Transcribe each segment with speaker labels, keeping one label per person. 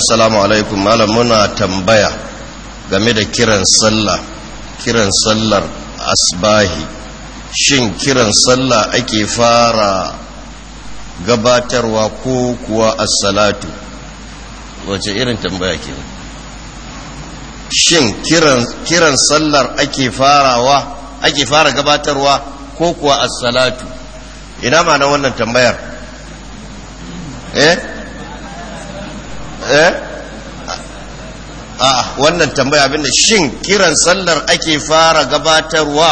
Speaker 1: assalamu alaikum malam muna tambaya game da kiran sallah kiran sallar asbahi shin kiran sallah ake fara gabatarwa ko kuwa assalatu wace irin tambaya ke shin kiran, kiran sallar ake farawa ake fara gabatarwa ko kuwa assalatu ina ma na wannan tambayar eh eh a ah, wannan tambaya abin da shin kiran sallar ake fara gabatarwa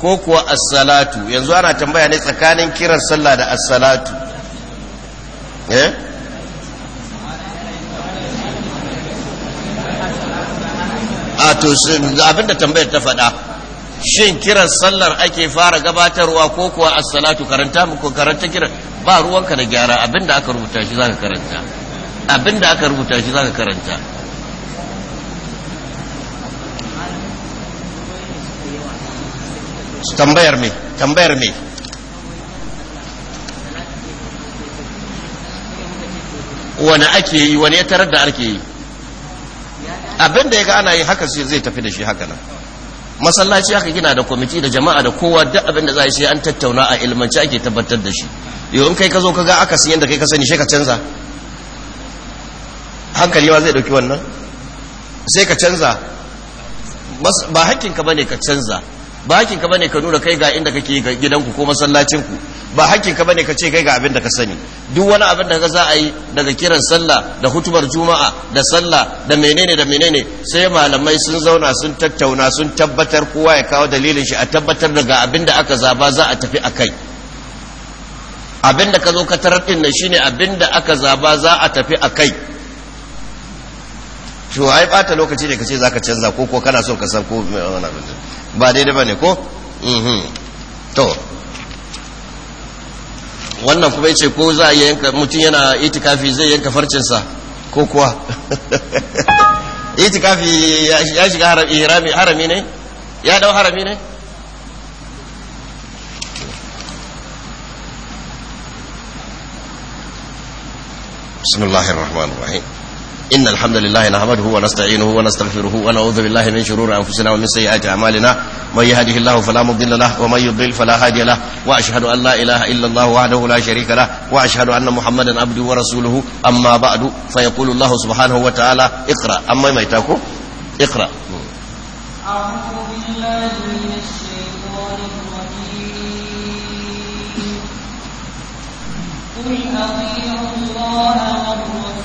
Speaker 1: ko kuwa assalatu yanzu ana tambaya ne tsakanin kiran sallah da assalatu eh a ah, to abin da tambayar ta faɗa shin kiran sallar ake fara gabatarwa ko kuwa assalatu karanta muku ko karanta kiran ba ruwanka da gyara abinda aka rubuta shi zaka karanta abin da aka rubuta shi zaka karanta tambayar me tambayar me wani ake yi wani ya tarar da ake yi abin da ya ga ana yi haka sai zai tafi da shi haka nan masallaci aka gina da kwamiti da jama'a da kowa duk abin da za a sai an tattauna a ilmanci ake tabbatar da shi yau in kai ka zo ka ga aka siyan yadda kai ka sani shi ka canza hankali ma zai dauki wannan sai ka canza ba hakkinka bane ka canza ba hakkinka bane ka nuna kai ga inda kake ga gidanku ko masallacinku ba hakkinka bane ka ce kai ga abin da ka sani duk wani abin da za a yi daga kiran sallah da hutubar juma'a da sallah da menene da menene sai malamai sun zauna sun tattauna sun tabbatar kowa ya kawo dalilin shi a tabbatar daga abin da aka zaba za a tafi a kai abin da ka zo ka tarar din nan shine abin da aka zaba za a tafi a kai to ai bata lokaci ne kace zaka canza ko ko kana so ka san ko ba daidai bane ko mhm to wannan kuma yace ko za a yanka mutum yana itikafi zai yanka farcinsa ko kuwa itikafi ya shiga harami harami ne ya dau harami ne بسم الله الرحمن الرحيم إن الحمد لله نحمده ونستعينه ونستغفره ونعوذ بالله من شرور أنفسنا ومن سيئات أعمالنا من يهده الله فلا مضل له ومن يضلل فلا هادي له وأشهد أن لا إله إلا الله وحده لا شريك له وأشهد أن محمدا عبده ورسوله أما بعد فيقول الله سبحانه وتعالى اقرأ أما ما يتاكو اقرأ
Speaker 2: أعوذ بالله من الشيطان الرجيم قل أطيعوا الله والرسول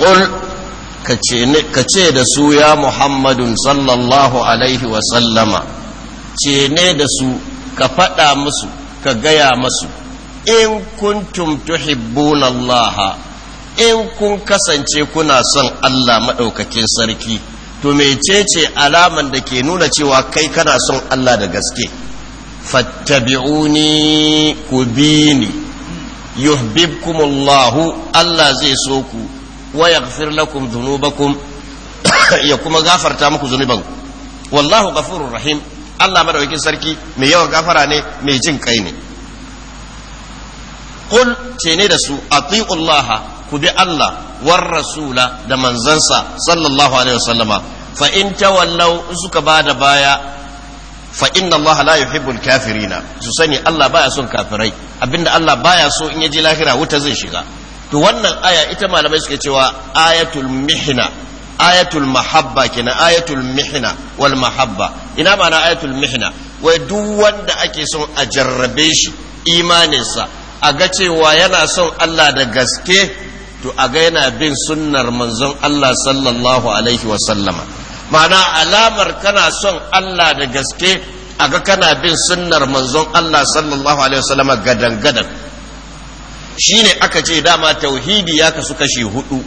Speaker 1: قل kace da su ya muhammadun sallallahu alaihi wa sallama ce ne da su ka fada musu ka gaya musu in kuntum tuhibbunallaha in kun kasance kuna son Allah maɗaukakin sarki to mecece alaman da ke nuna cewa kai kana son Allah da gaske fattabi'uni ku bi ni yuhibbukumullahu Allah zai so ku wa yaghfir lakum dhunubakum ya kuma gafarta muku zunuban. wallahu ghafurur rahim Allah madaukakin sarki mai yawan gafara ne mai jin kai ne qul ce ne da su atiullaha ku bi Allah war rasula da manzansa sallallahu alaihi wasallama fa in tawallaw suka bada baya fa inna Allah la yuhibbul kafirina su sani Allah baya son kafirai abinda Allah baya so in yaji lahira wuta zai shiga to wannan aya ita malamai suke cewa ayatul mihna ayatul mahabba kenan ayatul mihna wal mahabba ina ma'ana ayatul mihna wai duk wanda ake son a jarrabe shi imaninsa a ga cewa yana son Allah da gaske to a ga yana bin sunnar manzon Allah sallallahu alaihi wa sallama ma'ana alamar kana son Allah da gaske a ga kana bin sunnar manzon Allah sallallahu alaihi wa sallama gadan gadan shine aka ce dama tauhidi ya kasu kashi hudu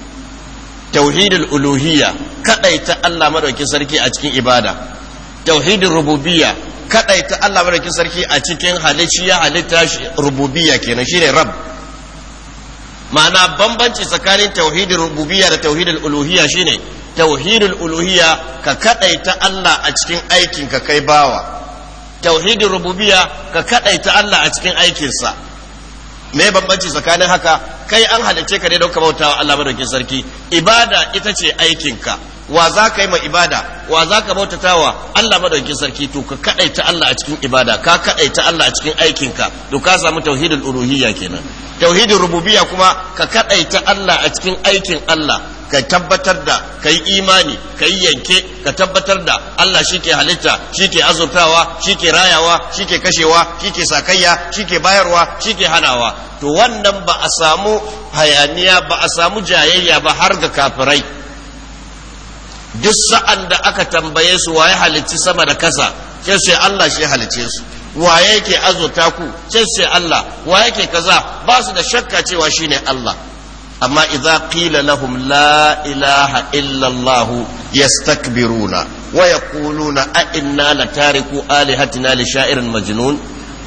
Speaker 1: tauhidul uluhiyya kadaita Allah madaukin sarki a cikin ibada tauhidul rububiyya kadaita Allah madaukin sarki a cikin halicci halitta rububiyya kenan shine rabb ma'ana bambanci tsakanin tauhidin rububiyya da tauhidin uluhiyya shine tauhidin uluhiyya ka kadaita Allah a cikin aikin ka kai bawa tauhidin rububiyya ka kadaita Allah a cikin aikinsa me bambanci tsakanin haka kai an halice ka ne don ka bautawa Allah madaukin sarki ibada ita ce aikinka wa za ka yi ma ibada wa za ka bautatawa Allah madaukakin sarki to ka kadaita Allah a cikin ibada ka kadaita Allah a cikin aikinka to ka samu tauhidul uluhiyya kenan tauhidul rububiyya kuma ka kadaita Allah a cikin aikin Allah ka tabbatar da ka yi imani ka yi yanke ka tabbatar da Allah shi ke halitta shi ke azurtawa shi ke rayawa shi ke kashewa shi ke sakayya shi ke bayarwa shi ke hanawa to wannan ba a samu hayaniya ba a samu jayayya ba har ga kafirai duk sa'an da aka tambaye su waye halicci sama da kasa sai sai Allah shi halice su waye yake azurta ku sai sai Allah waye yake kaza ba su da shakka cewa shine Allah amma idza qila lahum la ilaha illa Allah yastakbiruna wa yaquluna a inna latariku alihatina li sha'irin majnun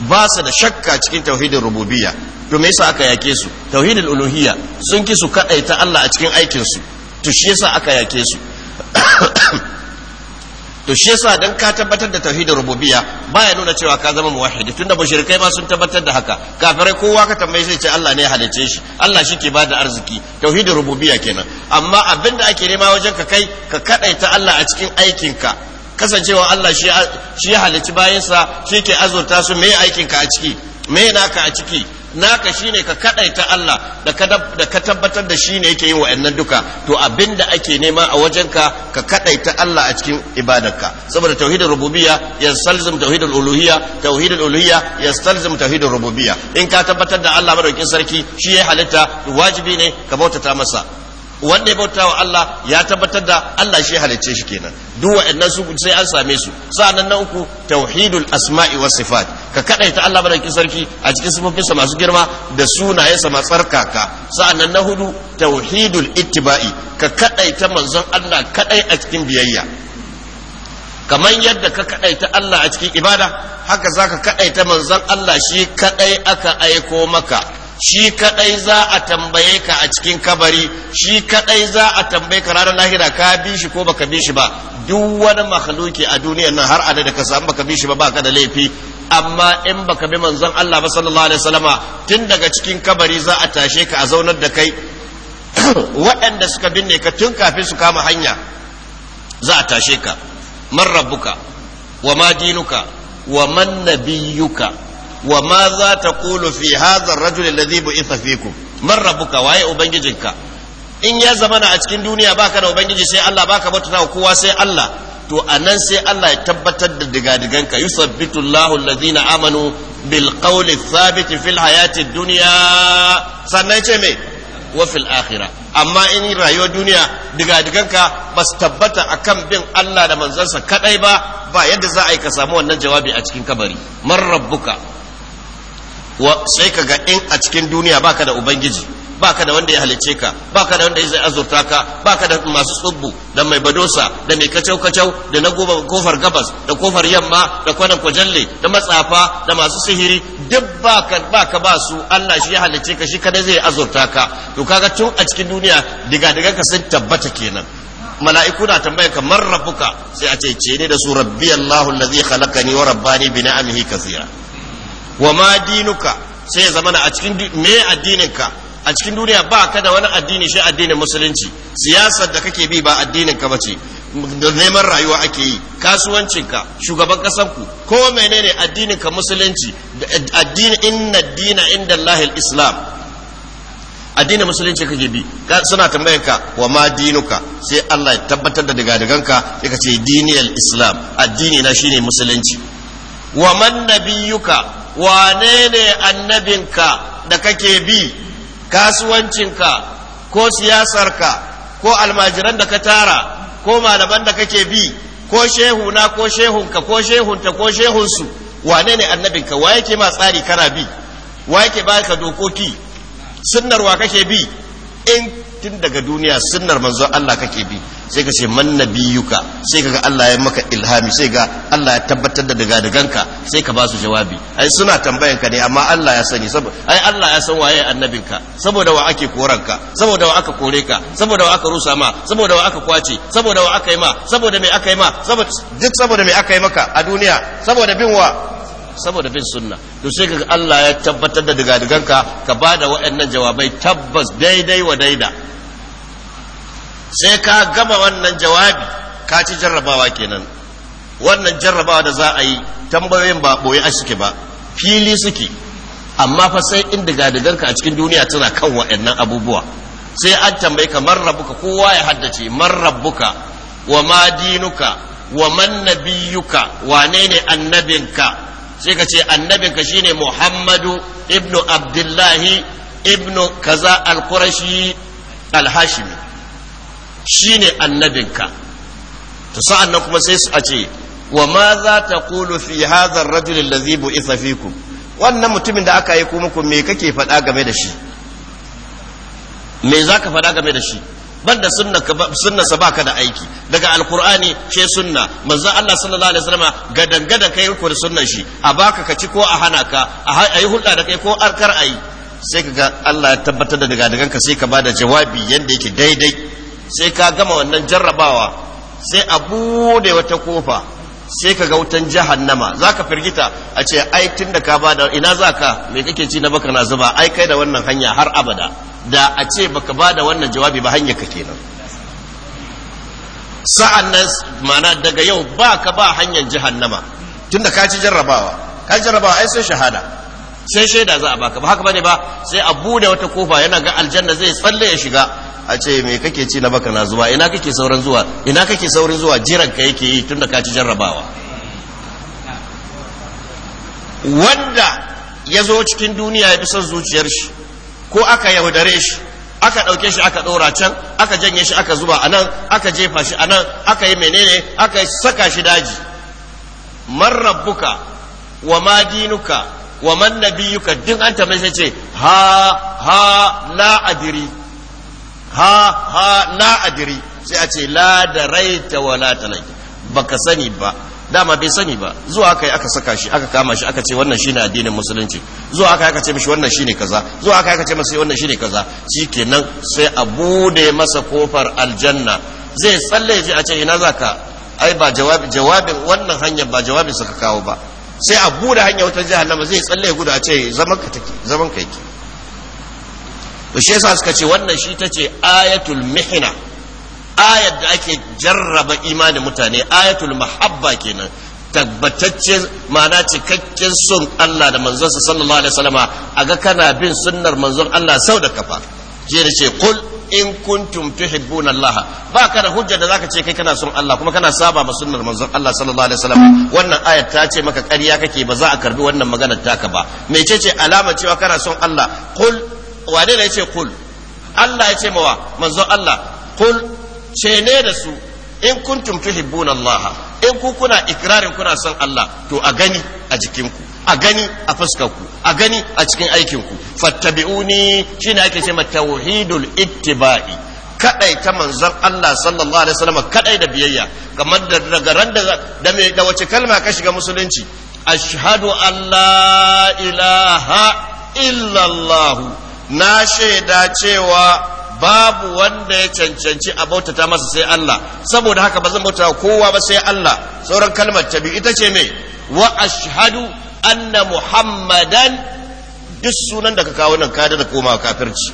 Speaker 1: ba su da shakka cikin tauhidin rububiyya to me yasa aka yake su tauhidul uluhiyya sun ki su kadaita Allah a cikin aikin su to shi yasa aka yake su to shi yasa dan ka tabbatar da tauhidin rububiyya baya nuna cewa ka zama muwahhidi tunda mushrikai ma sun tabbatar da haka kafirai kowa ka tambaye sai ce Allah ne ya halice shi Allah shi ke bada arziki tauhidin rububiyya kenan amma abinda ake nema wajen ka kai ka kadaita Allah a cikin aikin ka kasancewa Allah shi ya halici bayansa shi ke azurta su me aikin ka a ciki me naka a ciki naka shine ka kadaita Allah da ka tabbatar da shine yake yi wa'annan duka to abinda ake nema a wajenka ka kadaita Allah a cikin ibadarka saboda tauhidul rububiyya yastalzim tauhidul uluhiyya tauhidul uluhiyya yastalzim tauhidul rububiyya in ka tabbatar da Allah madaukin sarki shi ya halitta wajibi ne ka bautata masa wanda ya bauta wa Allah ya tabbatar da Allah shi halicce shi kenan duk waɗannan su sai an same su sa'annan na uku tauhidul asma'i was sifat ka kadaita Allah madaukakin sarki a cikin sa masu girma da sunayensa masu tsarkaka sa'annan na hudu tauhidul ittiba'i ka kadaita manzon Allah kadai a cikin biyayya kamar yadda ka kadaita Allah a cikin ibada haka zaka kadaita manzon Allah shi kadai aka aiko maka shi kadai za a tambaye ka a cikin kabari shi kadai za a tambaye ka ranar lahira ka bi shi ko baka bi shi ba duk wani makhluki a duniyar nan har adada ka samu baka bi shi ba baka da laifi amma in baka bi manzon Allah ba sallallahu alaihi wasallama tun daga cikin kabari za a tashe ka a zaunar da kai waɗanda suka binne ka tun kafin su kama hanya za a tashe ka man rabbuka wa ma dinuka wa man nabiyyuka wa ma za ta kulu fi hadha ar-rajul alladhi bu'itha fikum waye ubangijinka in ya zamana a cikin duniya baka da ubangiji sai Allah baka bauta kowa sai Allah to anan sai Allah ya tabbatar da digadiganka yusabbitu Allahu alladhina amanu bil qawli thabit fil hayati dunya sannan ce me wa fil akhirah amma in rayuwar duniya digadiganka ba su tabbata akan bin Allah da manzansa kadai ba ba yadda za a yi ka samu wannan jawabi a cikin kabari man rabbuka sai ka ga in a cikin duniya baka da ubangiji baka da wanda ya halice ka baka da wanda ya zai azurta ka baka da masu tsubbu da mai badosa da mai kacau kacau da na goma kofar gabas da kofar yamma da kwanan kujalle da matsafa da masu sihiri duk baka baka ba su Allah shi ya halice ka shi kada zai azurta ka to kaga tun a cikin duniya diga diga ka sun tabbata kenan mala'iku na tambaya ka man rabbuka sai a ce ce ne da su rabbi Allahu allazi khalaqani wa rabbani bi ni'amihi kathira wa ma dinuka sai ya zama a cikin me addininka a cikin duniya ba ka da wani addini shi addinin musulunci siyasar da kake bi ba addininka ka bace neman rayuwa ake yi kasuwancinka shugaban kasanku ko menene addinin ka musulunci addini inna dina inda al islam addinin musulunci kake bi suna tambayar ka wa ma dinuka sai Allah ya tabbatar da daga daganka sai ka ce diniyal islam addini na shine musulunci wa man nabiyuka wane ne annabinka da kake bi kasuwancinka ko siyasarka ko almajiran da ka tara ko malaman da kake bi ko shehuna ko shehunka ko shehunta ko shehunsu wane ne annabinka wa yake ma tsari kana bi wa yake baka dokoki sunnar kake bi in tun daga duniya sunnar manzon Allah kake bi sai ka ce man nabiyuka sai ga Allah ya maka ilhami sai ga Allah ya tabbatar da daga daganka sai ka ba su jawabi ai suna tambayan ka ne amma Allah ya sani saboda ai Allah ya san waye annabinka saboda wa ake koranka saboda wa aka kore ka saboda wa aka rusa ma saboda wa aka kwace saboda wa aka yi ma saboda me aka yi ma saboda duk saboda me aka yi maka a duniya saboda bin wa saboda bin sunna to sai kaga Allah ya tabbatar da diga-diganka ka bada waɗannan jawabai tabbas daidai wa daida sai ka gama wannan jawabi ka ci jarrabawa kenan wannan jarrabawa da za a yi tambayoyin ba boye a suke ba fili suke amma fa sai in ka a cikin duniya tana kan waɗannan abubuwa sai an tambaye ka man rabbuka kowa ya haddace man rabbuka wa ma dinuka wa man nabiyyuka wane ne annabinka sai ka ce annabinka shine muhammadu ibnu abdullahi ibnu kaza al-qurashi al-hashimi shine annabinka to sa'an nan kuma sai su a ce wa ma za ta kulu fi hadha ar-rajul alladhi wannan mutumin da aka yi ku muku me kake faɗa game da shi me za ka faɗa game da shi banda sunna sa baka da aiki daga alkur'ani ce sunna manzo Allah sallallahu alaihi wasallam gadan gadan kai ku da sunnan shi a baka ka ci ko a hana ka a yi hulɗa da kai ko arkar ayi sai kaga Allah ya tabbatar da daga ka sai ka bada jawabi yanda yake daidai sai ka gama wannan jarrabawa sai a bude wata kofa sai ka ga wutan jahannama za ka firgita a ce ai tun da ka bada ina za ka me kake ci na baka na zuba ai kai da wannan hanya har abada da a ce baka ba da wannan jawabi ba hanyar ka kenan sa'an nan mana daga yau ba ka ba hanyar jahannama tunda ka ci jarrabawa ka jarrabawa ai sai shahada sai shaida za a baka ba haka bane ba sai a bude wata kofa yana ga aljanna zai tsalle ya shiga a ce me kake ci na baka na zuwa ina kake sauran zuwa ina kake saurin zuwa jiran ka yake yi tunda ka ci jarrabawa wanda ya zo cikin duniya ya fi son zuciyar shi ko aka yaudare shi aka ɗauke shi aka ɗora can aka janye shi aka zuba a nan aka jefa shi a nan aka yi menene aka saka shi daji man rabbuka wa ma dinuka wa man nabiyuka duk an ce ha ha na adiri ha ha na adiri sai a ce la da raita wa la talaki baka sani ba dama bai sani ba zuwa aka yi aka saka shi aka kama shi aka ce wannan shi ne addinin musulunci zuwa aka yi aka ce mashi wannan shi ne kaza zuwa aka yi aka ce masa wannan shi ne kaza shi nan sai a bude masa kofar aljanna zai tsalle ji a ce ina ka ai ba jawabi jawabin wannan hanyar ba jawabin suka kawo ba sai a bude hanyar wutar jahannama zai tsalle ya gudu a ce zaman ka take zaman ka yake to shi yasa suka ce wannan shi tace ayatul mihna ayar da ake jarraba imanin mutane ayatul mahabba kenan tabbatacce ma'ana cikakken son Allah da manzonsa sallallahu alaihi wasallama aga kana bin sunnar manzon Allah sau da kafa je da ce qul in kuntum tuhibbuna Allah ba kana hujja da zaka ce kai kana son Allah kuma kana saba ma sunnar manzon Allah sallallahu alaihi wasallama wannan ayat ta ce maka ƙarya kake ba za a karbi wannan maganar taka ba mecece alama cewa kana son Allah qul wane ne ce qul Allah ya ce mawa manzon Allah kul. ne da su in kuntum tuhibbuna Allah in ku kuna ikrarin kuna son Allah to a gani a jikinku a gani a fuskarku a gani a cikin aikinku fattabi'uni shine ake ce ma tauhidul ittiba'i kadai ta manzon Allah sallallahu alaihi wasallam kadai da biyayya kamar da daga ran da mai da wace kalma ka shiga musulunci ashhadu an la ilaha illallah na shaida cewa babu wanda ya cancanci a bautata masa sai Allah saboda haka ba zan bauta kowa ba sai Allah sauran kalmar ta biyu ita ce me wa ashhadu anna muhammadan duk sunan da ka kawo nan ka da koma kafirci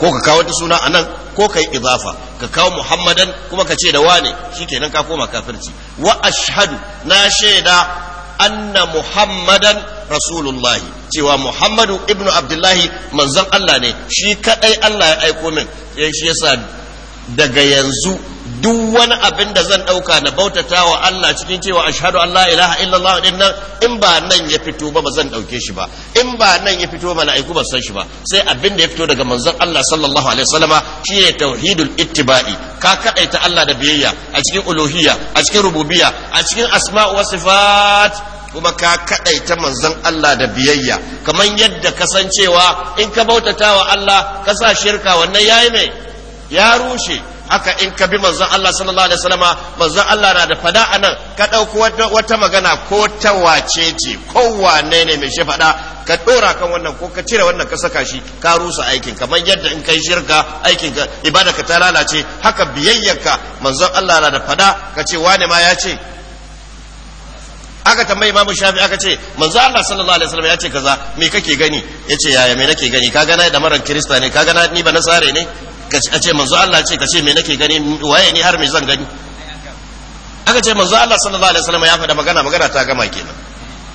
Speaker 1: ko ka kawo ta suna anan ko ka yi idafa ka kawo muhammadan kuma ka ce da wane kenan ka koma kafirci wa ashhadu na shaida anna muhammadan rasulullahi cewa muhammadu ibnu abdullahi manzon Allah ne shi kadai Allah ya aiko min shi yasa daga yanzu duk wani abin da zan ɗauka na bautata wa Allah cikin cewa ashhadu an la ilaha illallah din nan in ba nan ya fito ba zan ɗauke shi ba in ba nan ya fito mala'iku ba san shi ba sai abin da ya fito daga manzon Allah sallallahu alaihi wasallama shine tauhidul ittiba'i ka kadaita Allah da biyayya a cikin uluhiyya a cikin Rububiya, a cikin Asma'u wa sifat kuma ka kaɗaita manzon Allah da biyayya kamar yadda kasancewa in ka bautata wa Allah ka sa shirka wannan yayi mai ya rushe haka in ka bi manzon Allah sallallahu alaihi wasallama manzon Allah na da fada anan ka ɗauko wata magana ko ta wace ce ko wane ne mai shi fada ka ɗora kan wannan ko ka cire wannan ka saka shi ka rusa aikin kamar yadda in kai shirka aikin ka ibada ka ta lalace haka biyayyarka manzon Allah na da fada ka ce wane ma ya ce aka tambayi imamu shafi aka ce manzo Allah sallallahu alaihi wasallam ya ce kaza me kake gani yace yaya me nake gani ka gana da maran kirista ne ka gana ni ba nasare ne ka ce manzo Allah ce ka ce me nake gani waye ni har me zan gani aka ce manzo Allah sallallahu alaihi wasallam ya faɗa magana magana ta gama kenan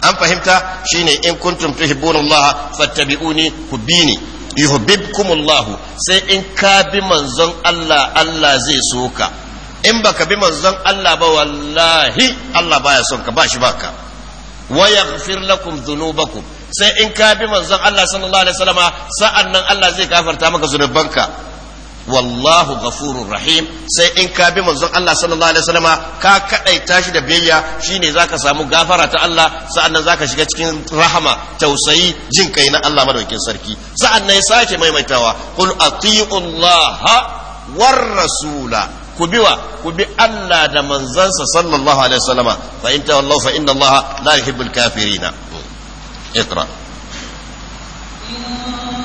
Speaker 1: an fahimta shine in kuntum tuhibbunallaha fattabi'uni hubbini yuhibbukumullahu sai in ka bi manzon Allah Allah zai so ka in baka bi manzon Allah ba wallahi Allah baya son ka ba shi baka wa yaghfir lakum dhunubakum sai in ka bi manzon Allah sallallahu alaihi wasallama sa'annan Allah zai gafarta maka zunubanka wallahu ghafurur rahim sai in ka bi manzon Allah sallallahu alaihi wasallama ka kadaita shi da biyayya shine zaka samu gafara ta Allah sa'annan zaka shiga cikin rahama tausayi jin kai na Allah madaukakin sarki sa'annan yi sake maimaitawa qul atiullaha war rasula ku biwa ku bi Allah da manzansa sallallahu alaihi wasallama fa in tawallu fa inna Allah la yuhibbul kafirina اقرأ إن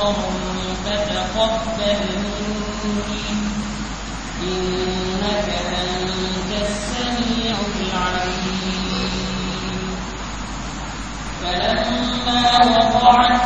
Speaker 2: بصر فتقبل مني إنك أنت السميع العليم فلما وقعت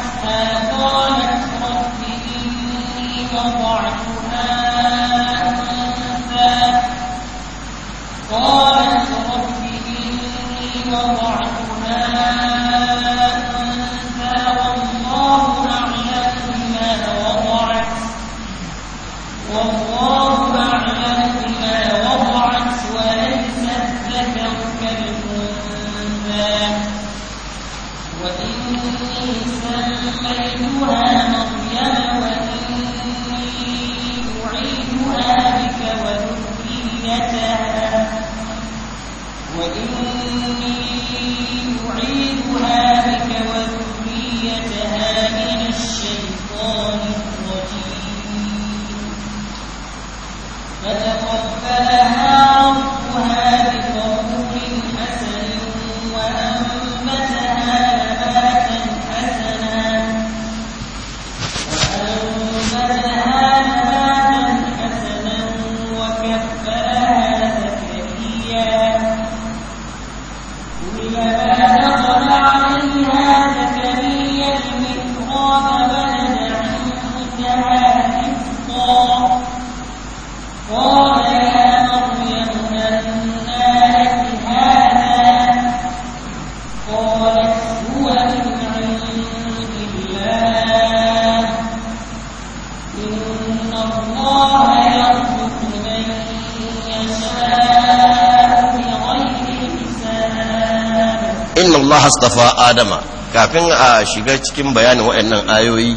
Speaker 2: Smith
Speaker 1: hastafa adama kafin a shiga cikin bayanin waɗannan ayoyi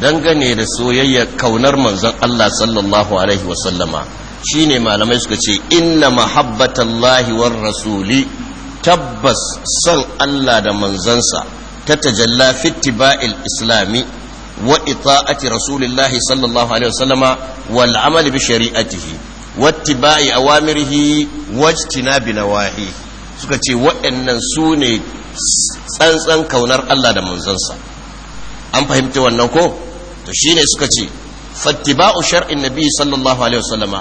Speaker 1: dangane da soyayya kaunar manzon Allah sallallahu alaihi sallama shine malamai suka ce inna mahabbatallahi war rasuli tabbas son Allah da manzansa ta tajalla fittiba'il islami wa ita'ati rasulillahi sallallahu alaihi wasallama wal amali bi shari'atihi wattiba'i awamirihi wajtinabi nawahihi suka ce waɗannan su ne tsantsan kaunar Allah da manzansa an fahimta wannan ko to shine suka ce fattiba'u shar'in nabi sallallahu alaihi wasallama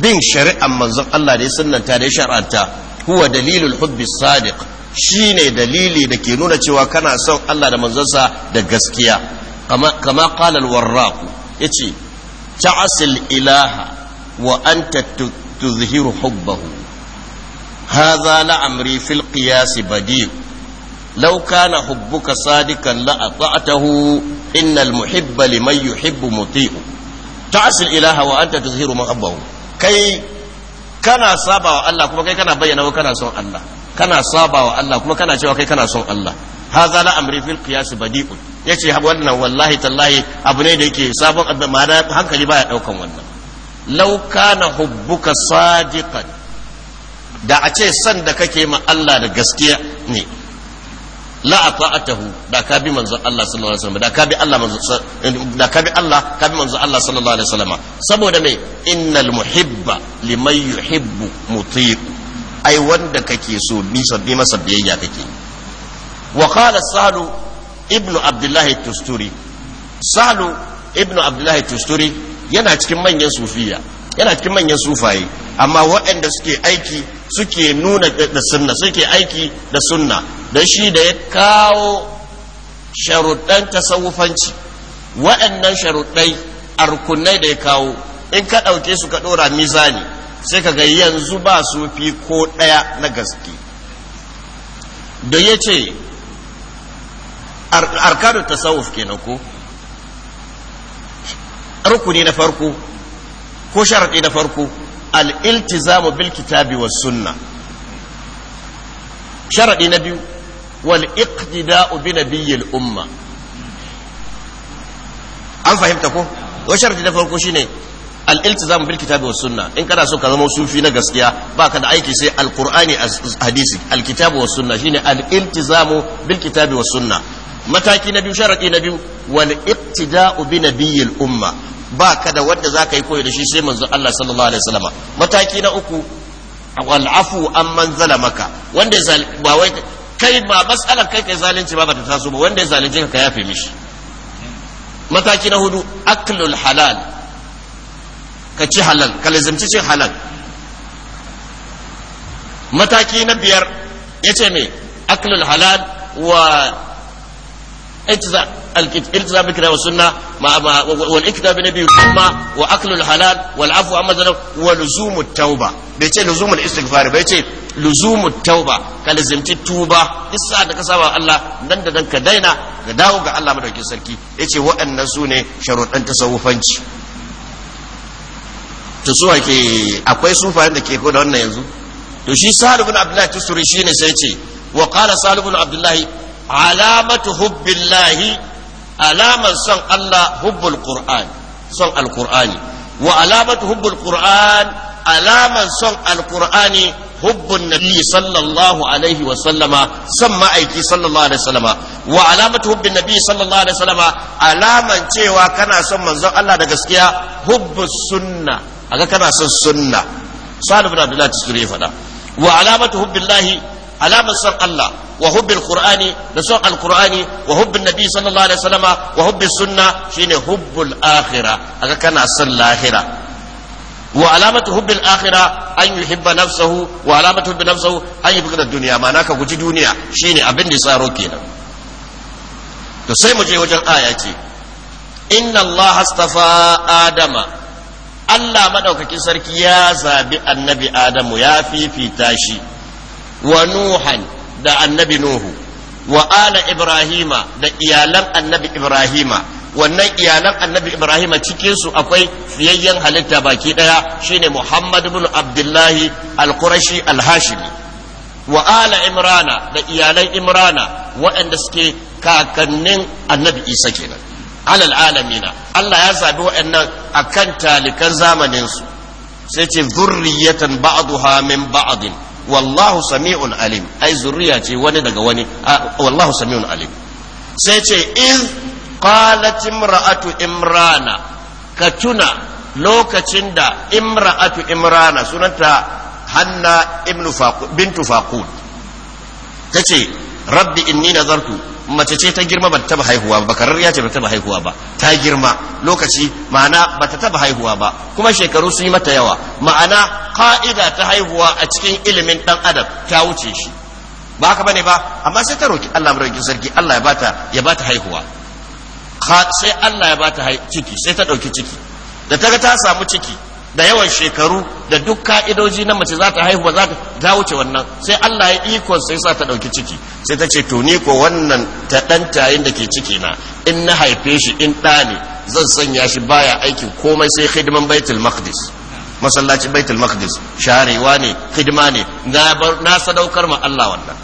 Speaker 1: bin shari'an manzon Allah da ya sunnanta da ya shar'anta huwa dalilul hubbi sadiq shine dalili da ke nuna cewa kana son Allah da manzansa da gaskiya kama qala al-warraq yace ta'asil ilaha wa anta tuzhiru hubbahu haza la'amri fil qiyasi badi law kana hubbuka kana Allah kuma kai kana bayyana wa kana son Allah kana saba wa Allah kuma kana cewa kai kana son Allah haza la yace wannan wallahi tallahi abu da yake sabon hankali baya daukan wannan law kana hubbuka sadiqan da a ce san da kake ma Allah da gaskiya ne la ata'atahu da ka bi manzo Allah sallallahu alaihi wasallam da ka bi Allah manzo da ka bi Allah ka bi manzo Allah sallallahu alaihi wasallam saboda me innal muhibba liman yuhibbu muti ai wanda kake so bi sabbi masa biyayya kake wa qala sahlu ibnu abdullah tusturi sahlu ibnu abdullah tusturi yana cikin manyan sufiya yana cikin manyan sufaye amma waɗanda suke aiki suke nuna da sunna suke aiki da sunna da shi da ya kawo sharuɗan tasawufanci waɗannan sharuɗai a da ya kawo in ka ɗauke su ka ɗora mizani sai ka ga yanzu ba su fi ko ɗaya na gaske da ya ce arkanu tasawuf kenan ko rukuni na farko ko sharaɗi na farko al'iltizamu bil kitabi wa sunna sharaɗi na biyu wal iqtida'u bi nabiyyil umma an fahimta ko wa sharadi na farko shine al bil kitabi wa sunna in kana so ka zama sufi na gaskiya baka da aiki sai al-qur'ani hadisi al wa sunna shine al-iltizamu bil kitabi wa sunna mataki na biyu sharadi na biyu wal ubi na nabiyil umma ba ka da wanda za ka yi koyi da shi sai manzo Allah sallallahu alaihi wasallam mataki na uku wal afu an amman zalamaka wanda ba wai kai ba matsalar kai kai zalunci ba ba ta taso ba wanda ya zalunce ka yafe mishi mataki na hudu aklul halal ka ci halal ka lazimci cin halal mataki na biyar ya ce me aklul halal wa الالتزام الالتزام بالكتاب والسنه مع مع والاكتاب بالنبي ثم واكل الحلال والعفو عما ذنب ولزوم التوبه بيتي لزوم الاستغفار بيتي لزوم التوبه da ka saba Allah dan da dan ka daina ga dawo ga Allah madaukakin sarki yace waɗannan su ne sharuɗan tasawufanci to su ke akwai sufayen da ke ko da wannan yanzu to shi sa'ad ibn abdullahi tusuri shine sai ce abdullahi alamatu hubbillahi Alamar son Allah hubbul Qur'an son al alqur'ani wa alamatu hubbul Qur'an Alamar son al alqur'ani hubbun nabi sallallahu alaihi wa sallama son ma'aiki sallallahu alaihi wa sallama wa alamatu hubbin nabi sallallahu alaihi wa sallama alaman cewa kana son manzon Allah da gaskiya hubbus sunna aga kana son sunna sa'ad ibn abdullah tisri faɗa wa alamatu hubbillahi alamar son Allah wa hubbil qur'ani da son qurani wa hubbin nabi sallallahu alaihi wasallama wa hubbis sunna shine hubbul akhira aga kana son lahira wa alamatu hubbil akhira an yuhibba nafsahu wa alamatu hubbi nafsahu an yubghida dunya ma'ana ka guji duniya shine abin da tsaro kenan to sai mu je wajen aya ce inna Allah astafa adama Allah madaukakin sarki ya zabi annabi adamu ya fifita shi wa da annabi nuhu wa'ala ibrahima da iyalan annabi ibrahima wannan iyalan annabi ibrahima cikinsu akwai fiyayyen halitta baki daya shine muhammad bin abdullahi al-qurashi al-hashimi wa ala imrana da iyalan imrana waɗanda suke kakannin annabi isa kenan alal alamina allah ya zabi waɗannan akan talikan zamaninsu sai ce zurriyatan ba'duha min ba'din wallahu sami'un alim ai zuriya ce wani daga wani wallahu sami'un alim sai ce iz qalat imra'atu imrana ka tuna lokacin da imra'atu imrana sunanta hanna ibnu bintu faqud tace rabbi inni nazartu mace ce ta girma bata taba haihuwa ba kararriya ce bata taba haihuwa ba ta girma lokaci ma'ana bata taba haihuwa ba kuma shekaru sun yi mata yawa ma'ana ka'ida ta haihuwa a cikin ilimin dan adam ta wuce shi ba haka bane ba amma sai ta roki Allah sarki Allah ya bata ya bata haihuwa sai Allah ya bata ciki sai ta dauki ciki da ta ga ta samu ciki da yawan shekaru da duk ka'idoji na mace za ta haihu ba za ta wuce wannan sai Allah ya ikon sai sa ta ɗauki ciki sai ta ce to ni ko wannan ta ɗan tayin da ke ciki na in na haife shi in ɗa ne zan sanya shi baya aikin komai sai hidiman baitul maqdis masallaci baitul maqdis sharewa ne hidima ne na sadaukar ma Allah wannan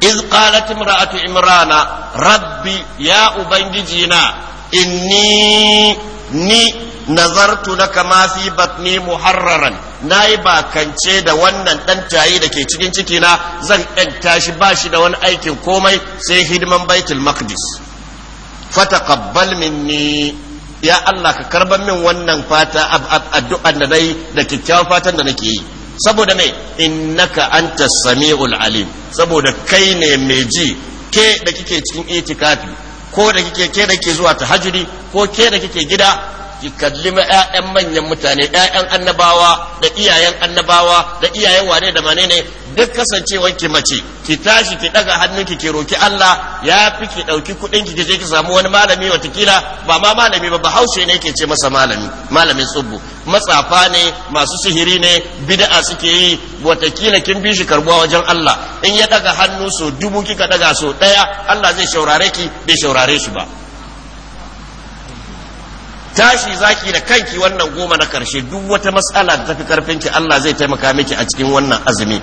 Speaker 1: iz qalat imra'atu imrana rabbi ya ubangiji na inni ni nazartu laka ma fi batni muharraran nayi bakance da wannan dan tayi da ke cikin ciki na zan ɗan tashi ba shi da wani aikin komai sai hidiman baitul maqdis fataqabbal minni ya Allah ka karban min wannan fata addu'an da nayi da kikkiawan fatan da nake yi saboda me innaka anta samiul alim saboda kai ne mai ji ke da kike cikin itikafi ko da kike ke da kike zuwa tahajjudi ko ke da kike gida ki ma ƴaƴan manyan mutane ƴaƴan annabawa da iyayen annabawa da iyayen wane da mane duk kasancewar ki mace ki tashi ki daga hannunki ki roki Allah ya fi ki dauki kudin ki je ki samu wani malami watakila ba ma malami ba bahaushe ne ke ce masa malami malamin tsubbu matsafa ne masu sihiri ne bid'a suke yi watakila kin bi shi karbuwa wajen Allah in ya daga hannu so dubu kika daga so daya Allah zai shaurare ki bai shaurare shi ba tashi zaki da kanki wannan goma na karshe duk wata matsala da tafi karfinki Allah zai taimaka miki a cikin wannan azumi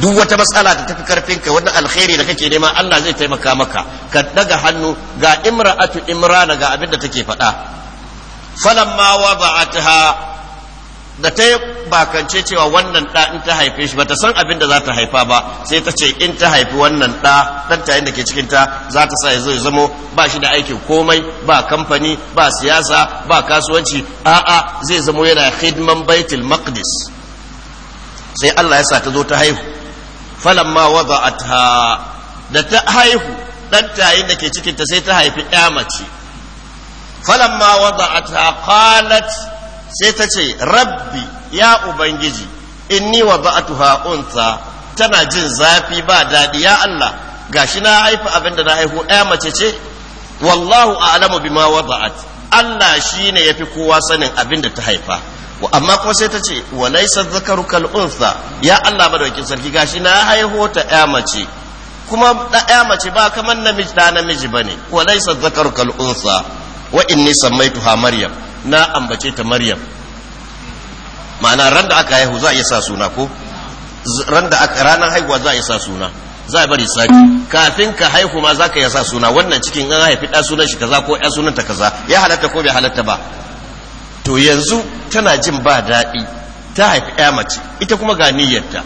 Speaker 1: duk wata matsala da tafi karfinka wannan alkhairi da kake nema Allah zai taimaka maka ka daga hannu ga imra'atu imrana ga abin da take faɗa falamma wa ba'ataha da ta bakance cewa wannan ɗa in ta haife shi bata san abin da za ta haifa ba sai ta ce in ta haifi wannan ɗa ɗan tayin da ke cikin ta za ta sa ya zamo ba shi da aikin komai ba kamfani ba siyasa ba kasuwanci a'a zai zamo yana hidman baitul maqdis sai Allah ya sa ta zo ta haihu falamma wada'atha da ta haihu ɗan tayin da ke cikin ta sai ta haifi ƴa mace falamma wada'atha qalat sai ta ce rabbi ya ubangiji inni wa ba'atuha unta tana jin zafi ba daɗi ya Allah gashi na haifa abin da na haihu ɗaya mace ce wallahu a'lamu bima wada'at Allah shine yafi kowa sanin abin da ta haifa amma kuma sai ta ce wa laysa dhakaru kal ya Allah madaukin sarki gashi na haihu ta ɗaya mace kuma ɗaya mace ba kamar namiji da namiji bane wa laysa dhakaru kal wa inni sammaituha maryam na ambace ta maryam ma'ana ran da aka haihu za a iya sa suna ko ran da aka ranar haihuwa za a iya sa suna za a bari sati kafin ka haihu ma za ka iya sa suna wannan cikin an haifi ɗan sunan shi kaza ko ɗan sunan ta kaza ya halatta ko bai halatta ba to yanzu tana jin ba daɗi ta haifi ɗaya mace ita kuma ga niyyarta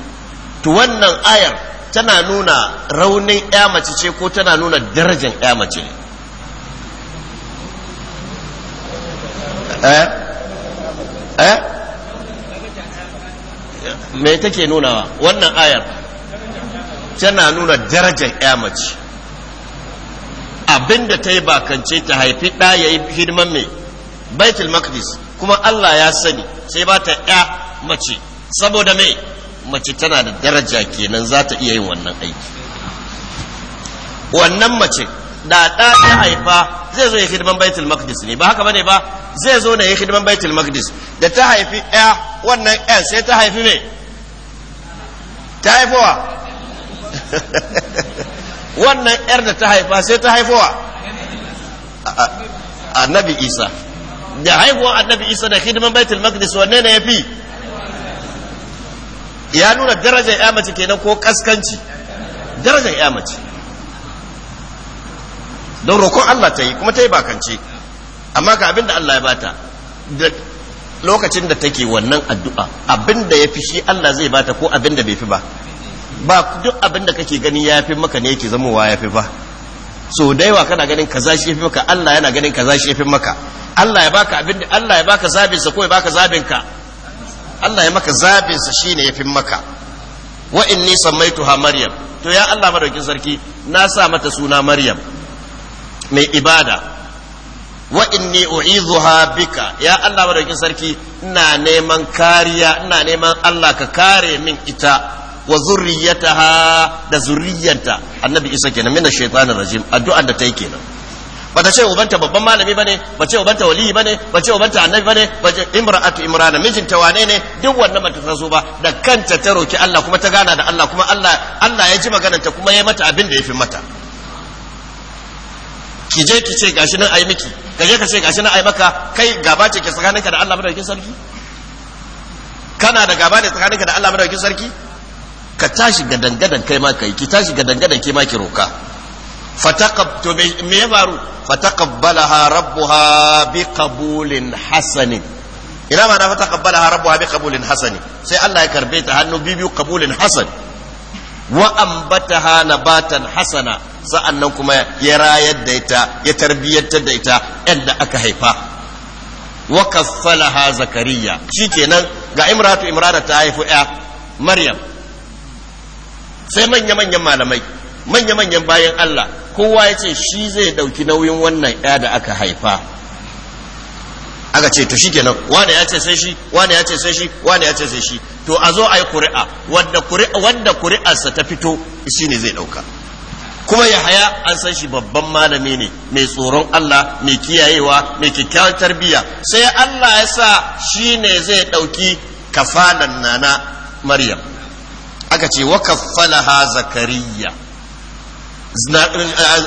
Speaker 1: to wannan ayar tana nuna raunin ɗaya mace ce ko tana nuna darajar ɗaya mace ne Mai eh? eh me take nunawa wannan ayar tana nuna darajar ya mace abinda ta yi bakance ta haifi ɗa ya yi hidiman mai baitul maqdis kuma Allah ya sani sai ba ta ya mace saboda mai mace tana da daraja kenan za ta iya yin wannan aiki wannan mace da ɗa ya haifa zai zo ya hidiman baitul maqdis ne ba haka bane ba zai zo da ya hidiman baitul maqdis da ta haifi ɗaya wannan ɗan sai ta haifi me ta haifowa wannan yar da ta haifa sai ta haifowa annabi isa da haihuwar annabi isa da hidiman baitul maqdis wanne ne ya fi ya nuna darajar ya mace kenan ko kaskanci darajar ya mace don rokon Allah ta yi kuma ta yi bakance amma ga abin da Allah ya bata da lokacin da take wannan addu'a abin da ya fi shi Allah zai bata ko abin da bai fi ba ba duk abin da kake gani ya fi maka ne yake zamowa ya fi ba so da yawa kana ganin kaza shi ya fi maka Allah yana ganin kaza shi ya fi maka Allah ya baka abin da Allah ya baka zabin sa ko ya baka zabin ka Allah ya maka zabin sa shine ya fi maka wa inni sammaituha maryam to ya Allah madaukin sarki na sa mata suna maryam mai ibada wa inni u'idhuha bika ya Allah madaukin sarki ina neman kariya ina neman Allah ka kare min ita wa zurriyataha da zurriyanta annabi isa kenan mina shaitanir rajim addu'ar da ta yi kenan bata ce ubanta babban malami bane ba ce ubanta wali bane ba ce ubanta annabi bane ba ce imra'atu imrana mijinta wane ne duk wannan bata taso ba da kanta ta roki Allah kuma ta gana da Allah kuma Allah Allah ya ji maganarta kuma ya mata abin da ya fi mata ki je ki ce gashi nan ai miki ka je ka ce gashi nan ai maka kai gaba ce ke tsakaninka da Allah madaukakin sarki kana da gaba ne tsakaninka da Allah madaukakin sarki ka tashi gadangadan kai ma kai ki tashi gadangadan dangadan ke ma ki roka fataqab to me ya faru fataqabbalaha rabbuha biqabulin hasanin ina ma na fataqabbalaha rabbuha biqabulin hasanin sai Allah ya karbe ta hannu bibiyu qabulin hasan wa ambataha nabatan hasana sa'annan kuma ya rayar da ita ya tarbiyyantar da ita yadda aka haifa wa kaffalaha zakariya shikenan ga imratu imrana ta haifu ya maryam sai manya manyan malamai manya manyan bayan Allah kowa ya ce shi zai dauki nauyin wannan ya da aka haifa aka ce to shikenan wanda ya ce sai shi wanda ya ce sai shi wanda ya ce sai shi to a zo a yi kuri'a wanda kuri'arsa ta fito ne zai ɗauka. kuma Yahaya an san shi babban malami ne mai tsoron Allah mai kiyayewa mai kyakkyawar tarbiyya sai Allah ya sa shi ne zai ɗauki kafalan nana Maryam aka ce wa kafalaha zakariya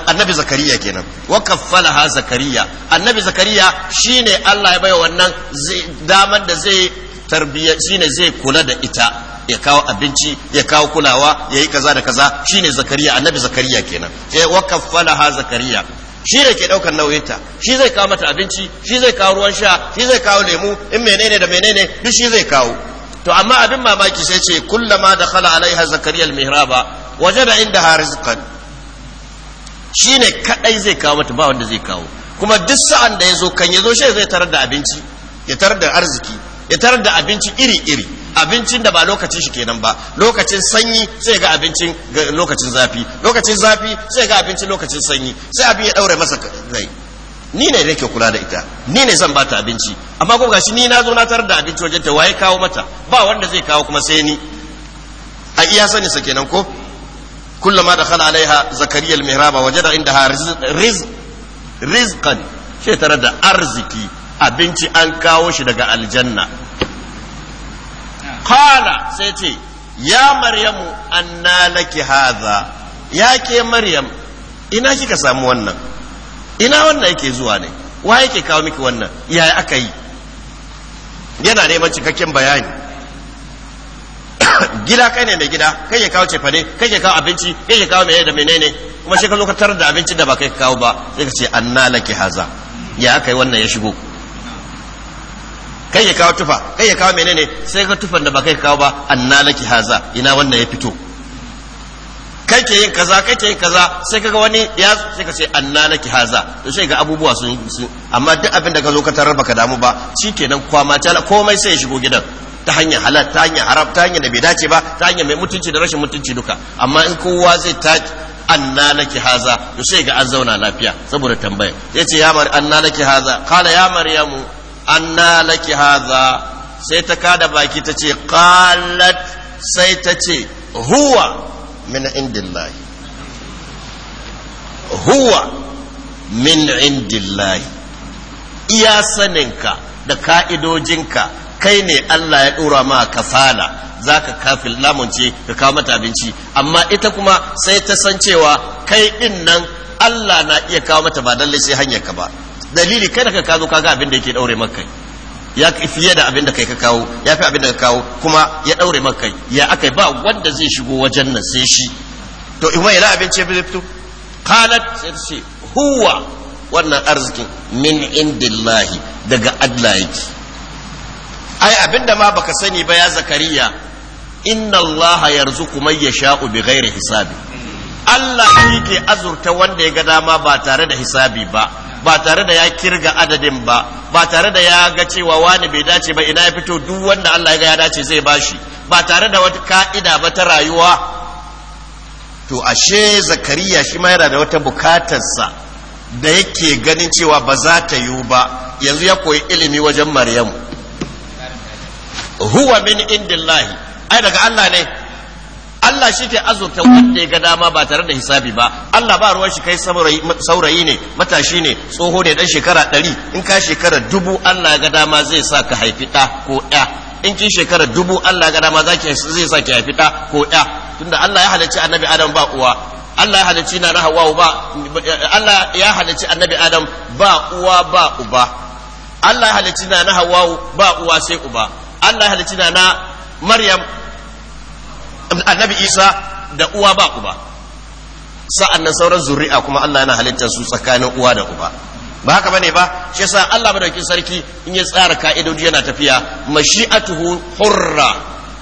Speaker 1: annabi zakariya kenan wa kaffalaha zakariya annabi zakariya shine Allah ya baiwa wannan daman da zai tarbiyya shine zai kula da ita ya kawo abinci ya kawo kulawa ya yi kaza da kaza shine zakariya annabi zakariya kenan sai eh, wa kaffalaha zakariya shi da ke daukar nauyinta shi zai kawo mata abinci shi zai kawo ruwan sha shi zai kawo lemu in menene da menene duk shi zai kawo to amma abin mamaki sai ce kullama da khala alaiha zakariya almihraba wajada inda rizqan Shi ne kaɗai zai kawo mata ba wanda zai kawo kuma duk sa'an da ya zo kan ya zo shi zai tarar da abinci ya tarar da arziki ya tarar da abinci iri-iri abincin da ba lokacin shi kenan ba lokacin sanyi sai ga abincin lokacin zafi lokacin zafi sai ga abincin lokacin sanyi sai abin ya ɗaure masa rai ni ne nake kula da ita ni ne zan bata abinci amma ko gashi ni na zo na tarar da abinci wajen ta waye kawo mata ba wanda zai kawo kuma sai ni a iya sani sa kenan ko kullama dakhala alaiha zakariya almihraba wajada indaha rizq rizqan ce tare da arziki abinci an kawo shi daga aljanna qala sai ce ya maryamu anna laki hadha ya ke maryam ina kika samu wannan ina wannan yake zuwa ne wa yake kawo miki wannan yaya aka yi yana neman cikakken bayani gida kai ne mai gida kai ya kawo cefane kai ya kawo abinci kai ya kawo menene da menene kuma shi ka zo ka tarar da abinci da ba kai kawo ba sai ka ce anna laki haza ya aka yi wannan ya shigo kai ya kawo tufa kai ya kawo menene sai ka tufan da ba kai kawo ba annala ki haza ina wannan ya fito kai ke yin kaza kai ke yin kaza sai kaga wani ya sai ka ce anna naki haza to sai ga abubuwa sun yi amma duk abin da ka zo ka tarar baka damu ba shikenan kwama ta komai sai ya shigo gidan ta hanyar halal ta hanyar haram ta hanyar da bai dace ba ta hanyar mai mutunci da rashin mutunci duka amma in kowa zai ta anna laki haza to sai ga an zauna lafiya saboda tambaya yace ya mar anna laki haza kala ya maryamu anna laki haza sai ta kada baki tace ce qalat sai tace ce huwa min indillahi huwa min indillahi iya saninka da ka'idojinka kai ne Allah ya ɗora ma kasala za ka kafin lamunce ka kawo mata abinci amma ita kuma sai ta san cewa kai ɗin nan Allah na iya kawo mata ba lallai sai hanyarka ba dalili kai ka kazo kaga abin da yake ɗaure maka ya fiye da abin da kai ka kawo ya fi abin da ka kawo kuma ya daure maka kai ya akai ba wanda zai shigo wajen nan sai shi to in wai abinci bi fito qalat sai huwa wannan arzikin min indillahi daga Allah yake ai abinda ma baka sani ba ya zakariya inna Allah yarzuqu man yasha'u bighairi hisabi Allah yake azurta wanda ya ga dama ba tare da hisabi ba ba tare da ya kirga adadin ba ba tare da ya ga cewa wani bai dace ba ina ya fito duk wanda Allah ya ga ya dace zai bashi ba tare da wata ka'ida ba ta rayuwa to ashe zakariya shi ma yana da wata bukatarsa da yake ganin cewa ba za ta yiwu ba yanzu ya koyi ilimi wajen Maryam. huwa min indillahi ai daga Allah ne Allah shi ke azurta wanda ya ga dama ba tare da hisabi ba Allah ba ruwan shi kai saurayi ne matashi ne tsoho ne dan shekara ɗari in ka shekara dubu Allah ya ga dama zai sa ka haifi ɗa ko ɗa in kin shekara dubu Allah ya ga dama zai sa ki haifi ɗa ko ɗa tunda Allah ya halarci annabi Adam ba uwa Allah ya halicci na Hawwa ba Allah ya halarci Annabi Adam ba uwa ba uba Allah ya halicci na Hawwa ba uwa sai uba Allah ya halicci na Maryam annabi isa da uwa ba uba sa'an nan sauran zuri'a kuma allah yana halittar su tsakanin uwa da uba ba haka bane ba shi yasa allah madaukin sarki in ya tsara ka'idodi yana tafiya mashi'atuhu hurra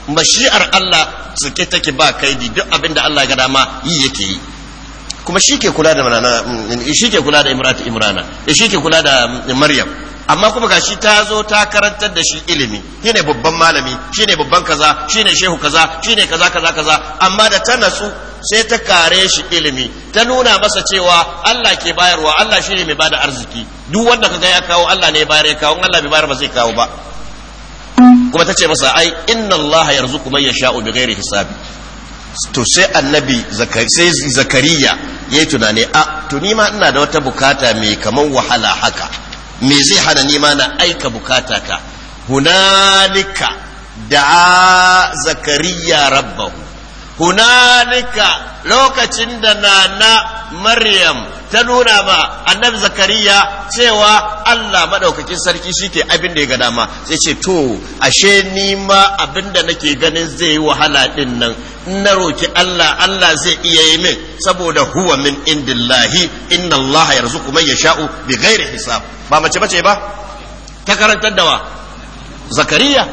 Speaker 1: mashi'ar allah suke take ba kaidi duk abinda allah ga dama yi yake yi kuma ke kula da shi ke kula da imrata imrana shi ke kula da maryam amma kuma shi ta zo ta karantar da shi ilimi shine babban malami shine babban kaza shine shehu kaza shine kaza kaza kaza amma da ta nasu sai ta kare shi ilimi ta nuna masa cewa Allah ke bayarwa Allah shi ne mai bada arziki duk wanda kaga ya kawo Allah ne ya bayar ya kawo Allah bai bayar ba zai kawo ba kuma ta ce masa ai inna Allah yarzuku man yasha'u bighairi hisabi to sai annabi sai zakariya yayi tunani a to ni ma ina da wata bukata mai kaman wahala haka me zai hana nima na aika bukata ka hunalika da zakariya rabbahu Hunanika lokacin da na maryam ta nuna ma annabi zakariya cewa Allah madaukakin sarki shike abin da ya ga dama sai ce to ashe ni ma abin da nake ganin zai yi wahala din nan na roki Allah Allah zai iya yi min saboda huwa min indillahi inna kuma yarzuqu man yasha'u bighairi hisab ba mace bace ba ta karantar da wa zakariya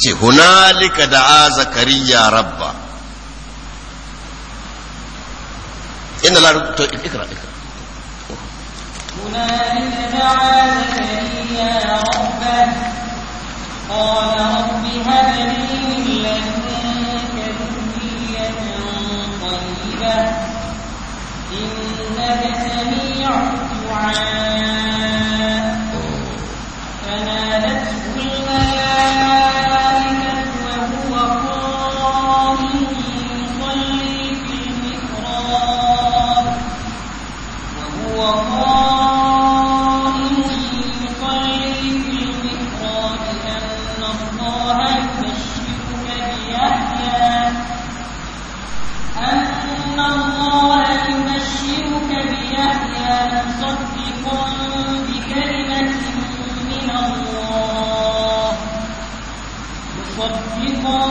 Speaker 1: ce hunalika da'a zakariya rabba inna la to ikra ikra
Speaker 2: hunalika da'a zakariya rabba qala rabbi hab li min ladunka dhurriyatan tayyibah innaka sami'ud du'a فنادته الملائكة وقال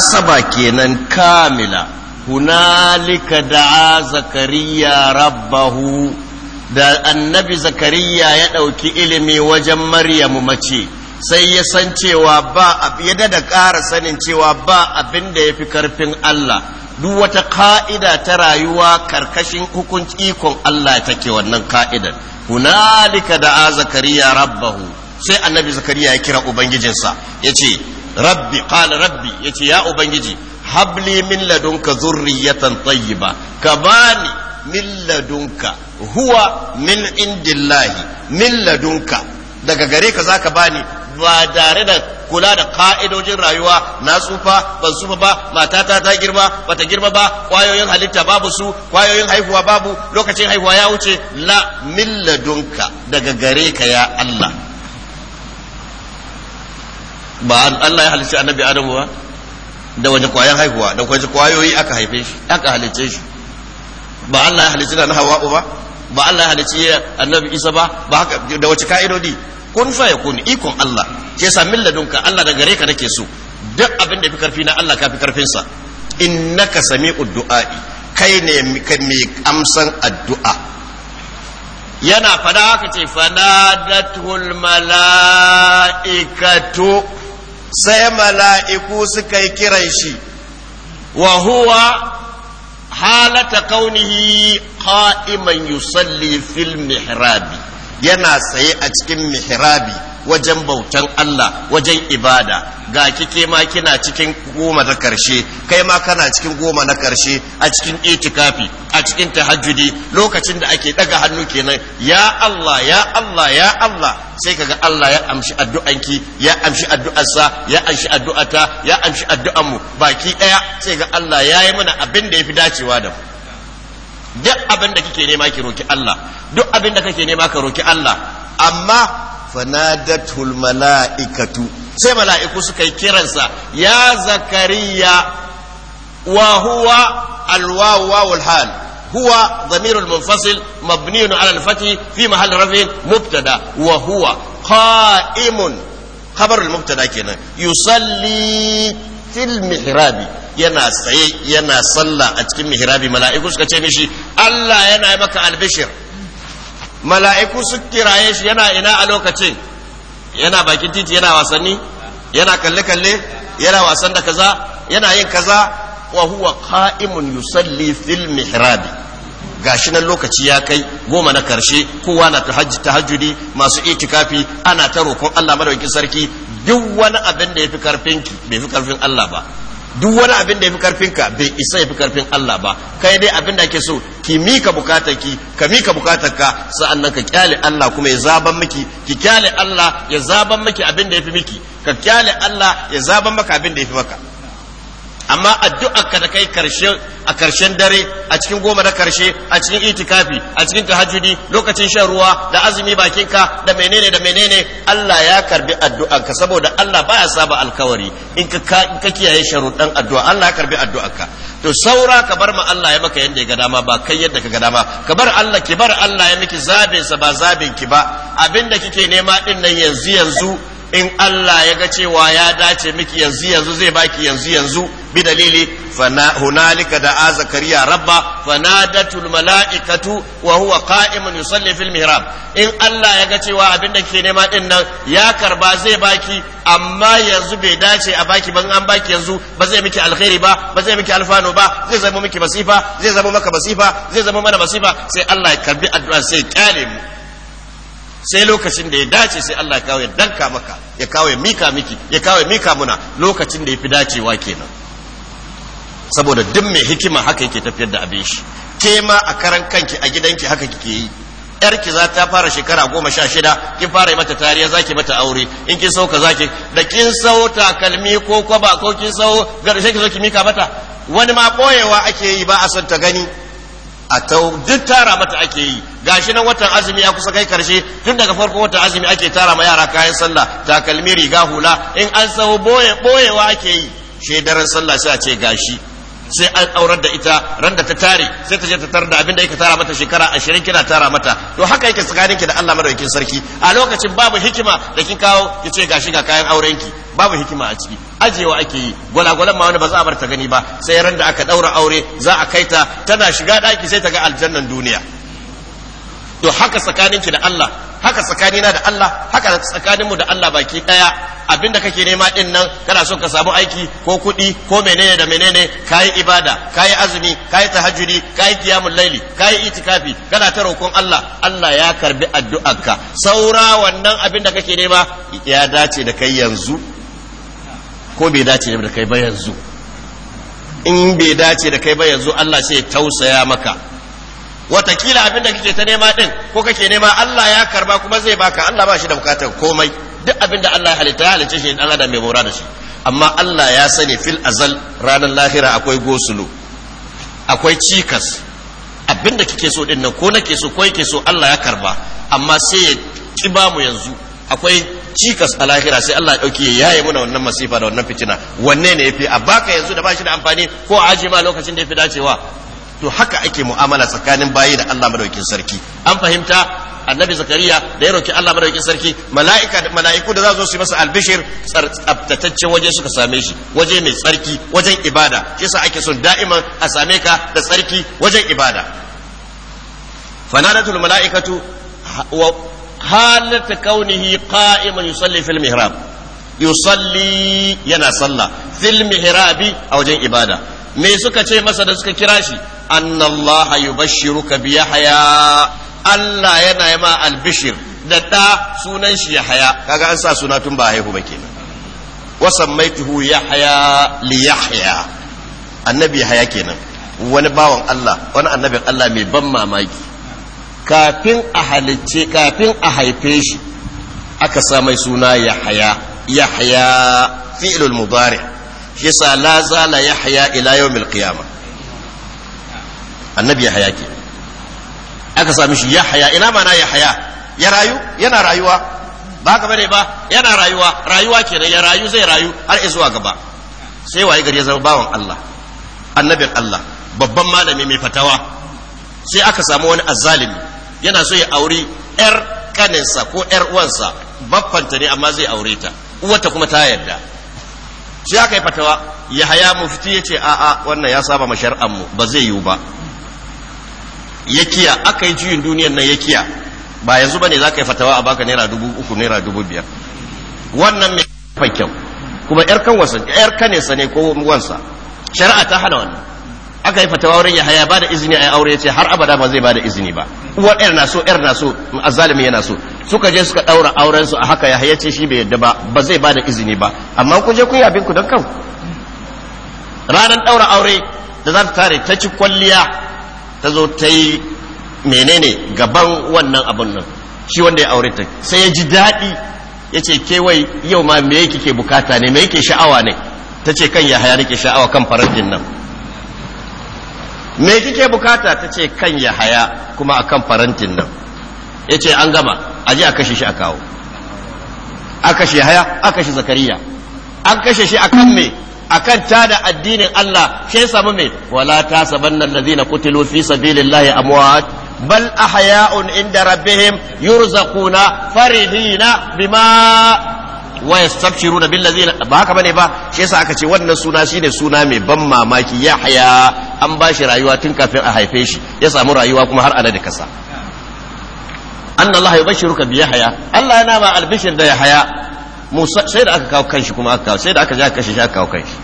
Speaker 1: asaba kenan kamila hunalika da'a zakariya rabbahu da annabi zakariya ya ɗauki ilimi wajen maryamu mace sai ya san cewa ba ya da ƙara sanin cewa ba abin da ya fi karfin Allah duk wata ka'ida ta rayuwa karkashin hukunci ikon Allah take wannan ka'idar hunalika da'a zakariya rabbahu sai annabi zakariya ya kira ubangijinsa ya ce rabbi qala rabbi yace ya ubangiji habli min ladunka zurriyatan tayyiba ka bani min ladunka huwa min indillahi min ladunka daga gare ka zaka bani ba tare da kula da ka'idojin rayuwa na tsufa ban tsufa ba matata ta girma bata girma ba kwayoyin halitta babu su kwayoyin haihuwa babu lokacin haihuwa ya wuce la min ladunka daga gare ka ya Allah ba Allah ya halicci annabi Adamu ba da wani kwayan haihuwa da waje kwayoyi aka haife shi aka halicce shi ba Allah ya halicci da Hawa ba ba Allah ya halicci annabi Isa ba ba haka da wace ka'idodi kun fa yakun ikon Allah ke yasa milladunka Allah da gare ka nake so duk abin da fi karfi na Allah ka fi karfin sa innaka sami'ud du'a'i kai ne mai amsan addu'a yana fada haka ce nadatul mala'ikatu sai mala'iku suka yi kiran shi wa huwa halata kaunihi ha'iman yusalli fil mihrabi yana tsaye a cikin mihirabi. wajen bautan Allah wajen ibada ga kike ma kina cikin goma na karshe kai ma kana cikin goma na karshe a cikin itikafi a cikin tahajjudi lokacin da ake daga hannu kenan ya Allah ya Allah ya Allah sai kaga Allah ya amshi addu'anki ya amshi addu'arsa ya amshi addu'ata ya amshi addu'anmu baki daya sai ga Allah ya yi mana abin da yafi dacewa da mu duk abin da kike nema ki roki Allah duk abin da kake nema ka roki Allah amma fanadatul mala'ikatu sai mala'iku suka yi kiransa ya zakariya wa huwa zamirul wawul hal هو ضمير المنفصل مبني على الفتح في محل رفع مبتدا وهو قائم خبر المبتدا kenan يصلي في mihrabi yana tsaye yana sallah a cikin mihrabi mala'iku suka ce mishi Allah yana maka albishir mala'iku su kiraye shi yana ina a lokacin yana bakin titi yana wasanni yana kalle-kalle yana wasan da kaza yana yin kaza wa huwa ka’imun yusalli fil gashi nan lokaci ya kai goma na karshe kowa na ta tahajjudi masu itikafi ana ta roƙon Allah madaukakin sarki duk wani abin da yafi karfin ki bai fi karfin Allah ba duk wani abin da ya fi karfin ka bai isa ya fi karfin Allah ba kai dai abin da ke so ki mika bukatar ki ka mika bukatar ka sa'annan ka kyale Allah kuma ya zaban miki ki kyale Allah ya zaban miki abin da ya fi miki ka kyale Allah ya zaban maka abin da ya fi maka amma addu'a ka da kai karshe a karshen dare a cikin goma na karshe a cikin itikafi a cikin tahajjudi lokacin shan ruwa da azumi bakinka da menene da menene Allah ya karbi ka saboda Allah baya saba alkawari in ka kiyaye sharuɗan addu'a Allah ya karbi ka. to saura ka bar ma Allah ya maka yadda ya ga dama ba kai yadda ka ga dama ka bar Allah ki bar Allah ya miki zabin sa ba zabin ki ba abinda kike nema din nan yanzu yanzu in Allah ya ga cewa ya dace miki yanzu yanzu zai baki yanzu yanzu بدليل dalili. هنالك دعا زكريا ربه فنادته الملائكة وهو قائم يصلي في المهراب إن الله ga cewa abin da nema din nan ya karba zai baki amma yanzu bai dace a baki ban an baki yanzu ba zai miki alkhairi ba ba zai miki alfano ba zai zama miki masifa zai zama maka masifa zai zama mana sai lokacin da ya dace sai Allah ya kawo ya danka maka ya kawo ya mika miki ya kawo ya mika muna lokacin da ya fi dacewa kenan saboda duk mai hikima haka yake tafiyar da abin shi ke ma a karan kanki a gidanki haka kike yi ki za ta fara shekara goma sha shida kin fara yi mata tariya za ki mata aure in kin sauka za ki da kin sau takalmi ko kwaba ko kin sau garshe ki zo ki mika mata wani ma boyewa ake yi ba a son ta gani a tau duk tara mata ake yi gashi nan watan azumi ya kusa kai karshe tun daga farko watan azumi ake tara ma yara kayan sallah takalmi riga hula in an sau boye boyewa ake yi shedaran sallah sai a ce gashi sai an aurar da ita ran da ta tare sai ta je ta tarar da abin da yake tara mata shekara ashirin kina tara mata to haka yake tsakanin ki da Allah madaukakin sarki a lokacin babu hikima da kin kawo ki ce gashi ga kayan auren ki babu hikima a ciki ajewa ake yi gwalagwalan ma wani ba za a bar ta gani ba sai ran da aka daura aure za a kaita tana shiga daki sai ta ga aljannan duniya to haka tsakaninki da Allah haka tsakanina da Allah haka tsakaninmu da Allah baki daya abinda kake nema din nan kana so ka samu aiki ko kuɗi ko menene da menene kayi ibada kayi azumi kayi tahajjudi kayi qiyamul laili kayi itikafi kana ta roƙon Allah Allah ya karbi addu'arka saura wannan abinda kake nema ya dace da kai yanzu ko bai dace da kai ba yanzu in bai dace da kai ba yanzu Allah sai ya tausaya maka watakila abin da kake ta nema din ko kake nema Allah ya karba kuma zai baka Allah ba shi da bukatar komai duk abin da Allah ya halitta ya halitta shi Allah da mai mora da shi amma Allah ya sani fil azal ranar lahira akwai gosulu akwai cikas abin da kike so din nan ko nake so ko yake so Allah ya karba amma sai ya kiba mu yanzu akwai cikas a lahira sai Allah ya dauke ya yaye muna wannan masifa da wannan fitina wanne ne yafi a baka yanzu da ba shi da amfani ko a aje ma lokacin da yafi dacewa to haka ake mu'amala tsakanin bayi da Allah madaukakin sarki an fahimta annabi zakariya da ya roki Allah madaukakin sarki mala'ika mala'iku da za su yi masa albishir tsabtatacce waje suka same shi waje mai tsarki wajen ibada yasa ake son da'iman a same ka da tsarki wajen ibada fanadatul mala'ikatu wa halata kaunihi qa'iman yusalli fil mihrab yusalli yana sallah fil mihrabi a wajen ibada me suka ce masa da suka kira shi annallaha yubashshiruka bi yahya Allah yana yi ma albishir da ɗa sunan shi yahya kaga an sa suna tun ba haihu ba kenan wa ya haya li yahya annabi haya kenan wani bawan Allah wani annabin Allah mai ban mamaki kafin a halicce kafin a haife shi aka sa mai suna yahya yahya fi'lul mudari' yasa la zala haya ila yawmil qiyama. annabi haya ke aka sami shi haya ina mana yahya ya rayu yana rayuwa ba ka bane ba yana rayuwa rayuwa kenan ya rayu zai rayu har zuwa gaba sai waye gari ya zama bawan Allah annabin Allah babban malami mai fatawa sai aka samu wani azzalimi yana so ya aure yar kaninsa ko yar uwansa baffanta ne amma zai aure ta kuma ta yarda sai aka yi fatawa yahaya mufti yace a'a wannan ya saba ma mu ba zai yiwu ba yakiya aka yi juyin duniyar nan yakiya ba yanzu ba ne za ka yi fatawa a baka naira dubu uku naira dubu biyar wannan mai kyau kuma yar kan wasa yar kanesa ne ko wansa shari'a ta hana wannan aka yi fatawa wurin ya haya bada izini a aure ce har abada ba zai bada izini ba uwar yar na so yar na so azalimi yana so suka je suka daura auren su a haka ya haya ce shi bai yadda ba ba zai ba da izini ba amma ku je ku yi abin ku don kan ranar daura aure da za ta tare ta ci kwalliya ta zo ta yi menene gaban wannan abun nan shi wanda ya aure ta sai ya ji daɗi ya ce kewai yau ma me yake ke bukata ne me yake sha'awa ne ta ce kan ya haya nake sha'awa kan farantin nan me kike bukata ta ce kan ya haya kuma akan farantin nan ya ce an gama a je a kashe shi a kawo a kashe haya a kashe zakariya an kashe shi akan me akan tada addinin Allah shi samu me wala ta sabanna allazina kutilu fi sabilillahi amwat bal ahya'un inda rabbihim yurzaquna farihina bima wa yastabshiruna billazina ba haka bane ba shi yasa aka ce wannan suna shine suna mai ban mamaki yahya an ba shi rayuwa tun kafin a haife shi ya samu rayuwa kuma har ana da kasa anna Allah yubashshiruka bi yahya Allah yana ma albishir da yahya Musa sai da aka kawo kanshi kuma aka kawo sai da aka ja kashi sai aka kawo kanshi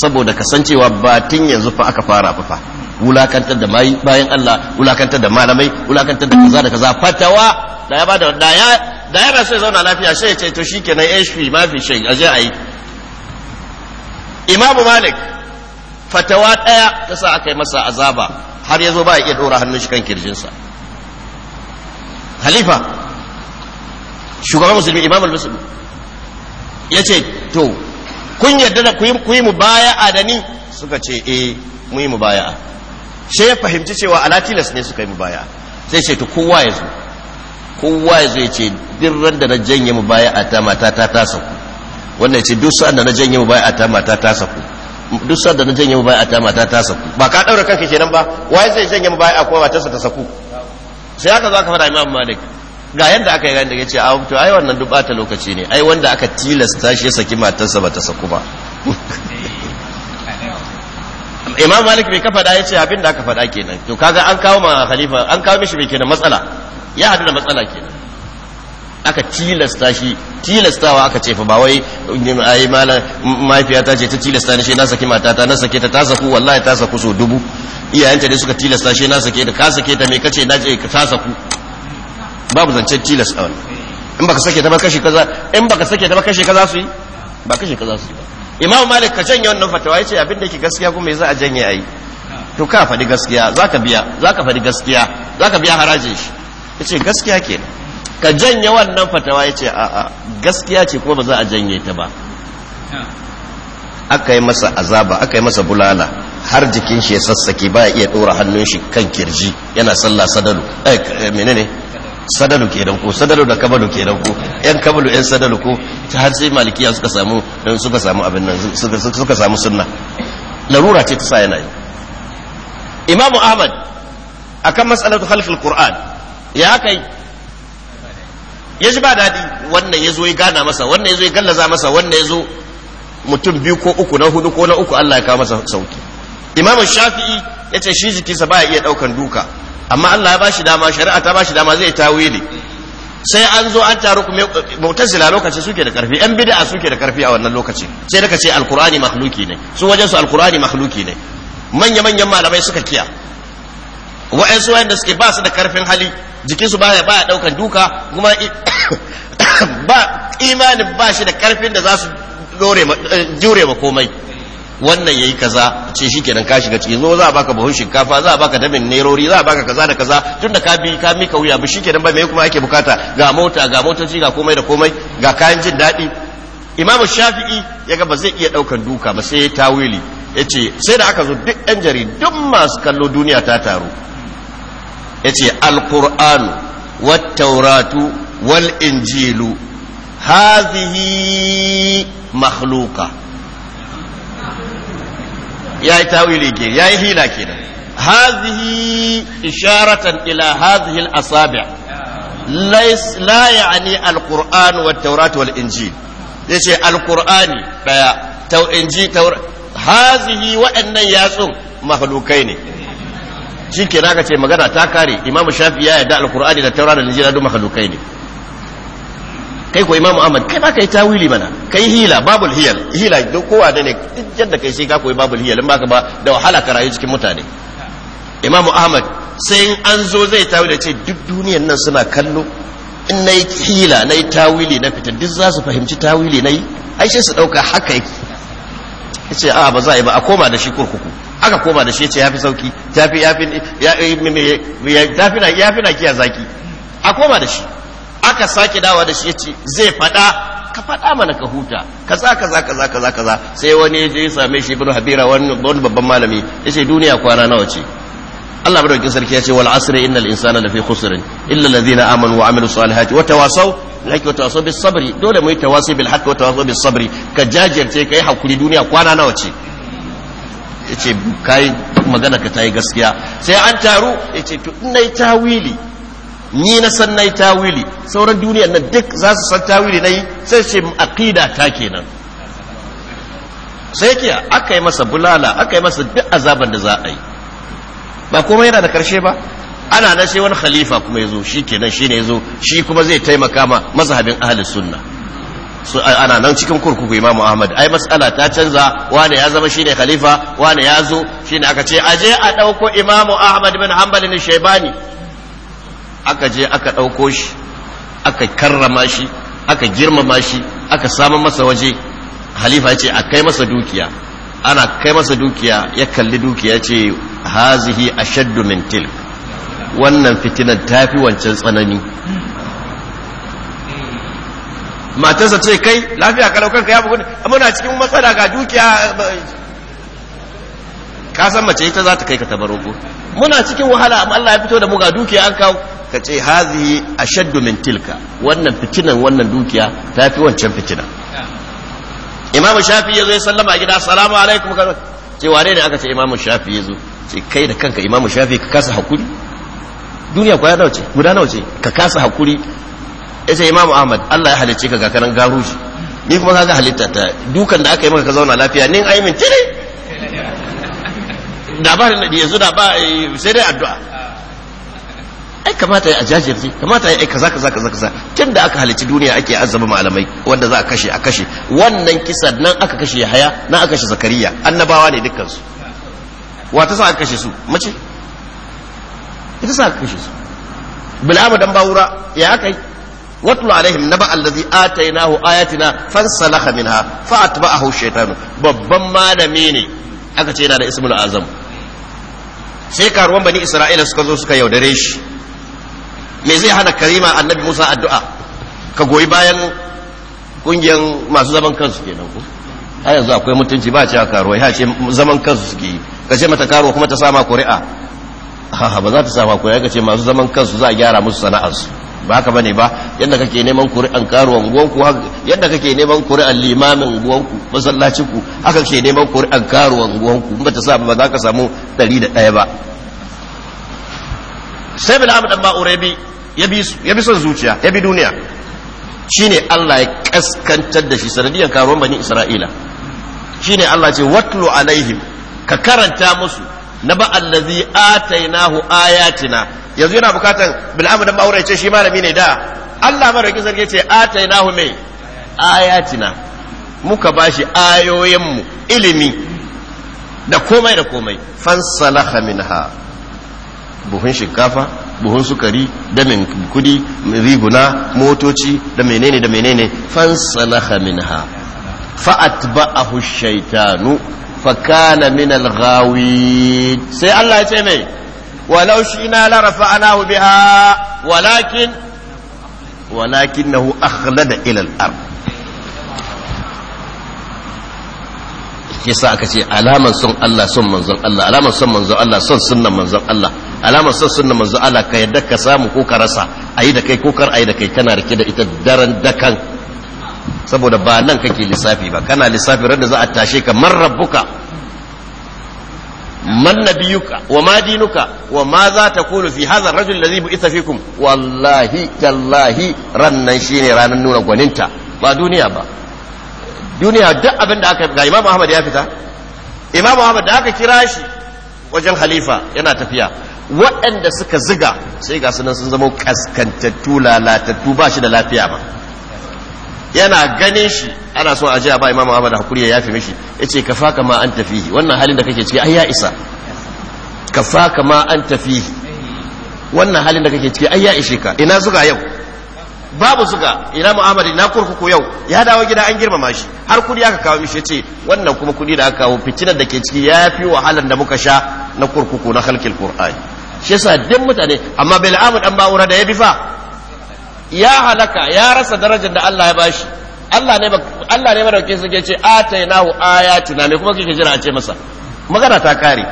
Speaker 1: saboda kasancewa batin yanzu fa aka fara fa wulakantar da bayan Allah wulakantar da malamai wulakantar da kaza da kaza fatawa da ya bada da ya da yana sai zauna lafiya sai ya ce to shi kenan hp ma fi shai a je a yi imamu malik fatawa ɗaya ta sa aka yi masa azaba har ya zo ba ya iya ɗora hannun shi kan kirjinsa halifa shugaban musulmi al musulmi ya ce to kun yarda da ku yi mubaya'a da ni suka ce eh mu yi mu baya sai ya fahimci cewa alatilas ne suka yi mu baya sai ce to kowa ya zo kowa ya zai ce dirran da na janye mu baya a ta mata ta ta saku wannan ce duk sa'an da na janye mu baya a ta mata ta saku duk sa'an da na janye mu baya a ta mata ta saku ba ka daura kanka kenan ba waye zai janye mu baya a kowa matarsa ta saku sai haka za ka fara imamu malik ga yanda aka yi ga da ya ce a to ai wannan duk bata lokaci ne ai wanda aka tilasta shi ya saki matarsa ba ta saku ba imam malik bai ka da yace abin da aka faɗa kenan to kaga an kawo ma khalifa an kawo mishi bai kenan matsala ya haɗu da matsala ke. aka tilasta shi tilastawa aka ce fa ba wai mala mafiya ta ce ta tilasta ni shi na saki matata na sake ta ta saku wallahi ta saku so dubu iyayenta ne suka tilasta shi na sake ta ka sake ta me kace naje ka ta saku babu zancen tilasta wani in baka sake ta ba kashe kaza in baka sake ta ba kashe kaza su yi ba kashe kaza su yi ba imam malik ka janye wannan fatawa yace abin da yake gaskiya kuma za a janye ayi to ka faɗi gaskiya zaka biya zaka faɗi gaskiya zaka biya harajin shi yace gaskiya ke ka janye wannan fatawa yace a'a gaskiya ce kuma ba za a janye ta ba aka yi masa azaba aka yi masa bulala har jikin shi ya sassake ba iya dora hannun shi kan kirji yana sallah sadalu eh, eh menene sadalu kenan ko sadalu da kabalu kenan ko yan kabalu yan sadalu ko ta har sai malikiya suka samu suka samu abin nan suka samu sunna larura ce ta sa yana yi imamu ahmad akan masalatu khalqul qur'an ya kai ya ji ba daɗi wannan ya zo ya gana masa wannan ya zo ya gallaza masa wannan ya zo mutum biyu ko uku na hudu ko na uku Allah ya kawo masa sauki imamu shafi'i ya ce shi jikinsa ba ya iya ɗaukan duka amma Allah ya bashi dama shari'a ta bashi dama zai ta wili sai an zo an taru kuma mu'tazila lokaci suke da karfi yan bid'a suke da karfi a wannan lokaci sai daga ce alqur'ani makhluki ne su wajen su alqur'ani makhluki ne manya manyan malamai suka kiya wa'ansu wa'anda suke ba su da karfin hali jikinsu baya baya daukan duka kuma ba imanin ba shi da karfin da za su eh, jure ma komai wannan yayi kaza ce shi nan ka shiga ciki zo za a baka buhun shinkafa za a baka damin nerori za a baka kaza da kaza tun da ka bi ka mi ka wuya bi shikenan ba me kuma ake bukata ga mota ga motoci ga komai da komai ga kayan jin daɗi imamu shafi'i ya ba zai iya ɗaukan duka ba sai ya tawili ce sai da aka zo duk yan jari duk masu kallo duniya ta taru yace alqur'anu wat tauratu wal injilu hadhihi makhluqa yayi tawili ke yayi hila kenan hadhihi isharatan ila hadhihi al asabi' ليس لا يعني القرآن والتوراة والإنجيل ليش القرآن بيا تو إنجيل تور هذه وأن ياسم مخلوقين shi ke naka ce magana ta kare imamu shafi ya yadda alkur'ani da taura da nijira duk makalukai ne kai ko imamu ahmad kai ma kai tawili mana kai hila babul hiyal hila duk kowa da ne duk yadda kai sai ka koyi babul hiyal in baka ba da wahala ka rayu cikin mutane imamu ahmad sai in an zo zai tawili ce duk duniyan nan suna kallo in na yi hila na yi tawili na fita duk za su fahimci tawili na yi su ɗauka haka yake ce a ba za a yi ba a koma da shi kurkuku aka koma da shi ce yafi sauki tafi yafi yafi na na kiya zaki a koma da shi aka sake dawa da shi ya ce zai faɗa. ka faɗa mana ka huta kaza kaza kaza kaza kaza sai wani ya same shi ibnu habira wani babban malami Ya ce duniya kwana nawa ce Allah madaukakin sarki ya ce wal asri innal insana lafi khusrin illa alladhina amanu wa amilus salihati wa tawasaw laki wa tawasaw bis sabri dole mu yi tawasi bil haqqi wa tawasaw bis sabri ka jajirce kai hakuri duniya kwana nawa ce yace kai magana ka tayi gaskiya sai an taru yace to in nayi tawili ni na san nayi tawili sauran duniya na duk za su san tawili nayi sai ce aqida ta kenan sai ke aka yi masa bulala aka yi masa duk azaban da za a yi ba komai yana da karshe ba ana na sai wani khalifa kuma ya zo shi kenan shi ne ya zo shi kuma zai taimaka ma mazhabin ahli sunna su ana nan cikin kurkuku imamu ahmad ai mas'ala ta canza wane ya zama shine khalifa wane ya zo shine aka ce aje a dauko imamu ahmad bin hanbal ne aka je aka dauko shi aka karrama shi aka girmama shi aka samu masa waje halifa ya ce a kai masa dukiya ana kai masa dukiya ya kalli dukiya ce hazihi ashaddu min tilk wannan fitinar tafi wancan tsanani matarsa ce kai lafiya daukar kanka ya bugu muna cikin matsala ga dukiya ka san mace ita za ta kai ka tabar ko muna cikin wahala amma Allah ya fito da mu ga dukiya an kawo ka ce hazihi ashaddu min tilka wannan fitinan wannan dukiya ta fi wancan fitina imamu shafi ya zo ya sallama a gida assalamu alaikum ka ce wane ne aka ce imamu shafi ya zo ce kai da kanka imamu shafi ka kasa hakuri duniya kwaya nawa ce guda nawa ce ka kasa hakuri yace imamu ahmad Allah ya halicci ka ga karan garuji ni kuma kaga halitta ta dukan da aka yi maka ka zauna lafiya nin ayi min tire da ba yanzu da ba eh, sai dai addu'a ai kamata ya jajirce kamata ya kaza kaza kaza kaza tun da aka halicci duniya ake azaba malamai wanda za a kashe a kashe wannan kisa nan aka kashe haya nan aka kashe zakariya annabawa ne dukkan su wata sa aka kashe su mace ita sa aka kashe su bil'amu dan bawura ya aka yi واتل عليهم نبأ الذي آتيناه آياتنا فانسلخ منها فأتبعه الشيطان babban malami ne aka ce yana da ismul azam sai karuwan bani isra'ila suka zo suka yaudare shi me zai hana karima annabi musa addu'a ka goyi bayan kungiyar masu zaman kansu kenan ku har yanzu akwai mutunci ba cewa karuwa ya ce zaman kansu suke yi ka ce mata karuwa kuma ta sama kuri'a ha ba za ta sama kuri'a ka ce masu zaman kansu za a gyara musu sana'arsu ba ka bane ba yadda kake neman an karuwan gonku yadda kake neman kuri limamin gonku masallacin ku haka ke neman an karuwan gonku ba ta samu ba za ka samu 101 ba sai bin abu dan ba urebi ya bi son zuciya ya bi duniya shine Allah ya kaskantar da shi sanadiyar karuwan bani Isra'ila shine Allah ce watlu alaihim ka karanta musu na ba allazi atainahu ayatina yanzu yana bukatan bil'amu dan ma'aura ce shi malami ne da Allah madaukakin sarki ce atainahu mai ayatina muka bashi mu ilimi da komai da komai fansalaha minha buhun shinkafa buhun sukari da min kudi riguna motoci da menene da menene fansalaha minha fa'atba'ahu shaitanu fakana min al-ghawi sai Allah ya ce mai walau shina la rafa'nahu biha walakin walakinahu akhlada ila al-ard yasa aka ce alaman son Allah son manzon Allah alaman son manzon Allah son sunnan manzon Allah alaman son sunnan manzon Allah ka yadda ka samu ko ka rasa ayi da kai ko kar ayi da kai kana rike da ita daren dakan saboda ba nan kake lissafi ba kana lissafi ran da za a tashe ka man rabbuka man nabiyuka wa ma dinuka wa ma za ta kulu fi hadha rajul ladhi bu'itha fikum wallahi tallahi shi ne ranan nuna gwaninta ba duniya ba duniya duk abin da aka ga imam ahmad ya fita imam ahmad da aka kira shi wajen halifa yana tafiya waɗanda suka ziga sai ga sunan sun zama kaskantattu lalatattu ba shi da lafiya ba yana ganin shi ana so a je a ba imamu da hakuri ya yafe mishi ce kafa ma an tafihi wannan halin da kake ciki ai ya isa kafa ma an tafihi wannan halin da kake ciki ai ya ishe ka ina suka yau babu suka ina mu'amari na kurkuku yau ya dawo gida an girmama shi har kudi aka kawo mishi ce wannan kuma kudi da aka kawo fitinar da ke ciki ya fi wahalar da muka sha na kurkuku na halkin qur'ani shi yasa duk mutane amma bil amud an ba'ura da ya bi fa ya halaka ya rasa darajar da Allah ya bashi Allah ne Allah ne madauke su ke ce atainahu ayatuna me kuma kike jira a ce masa magana ta kare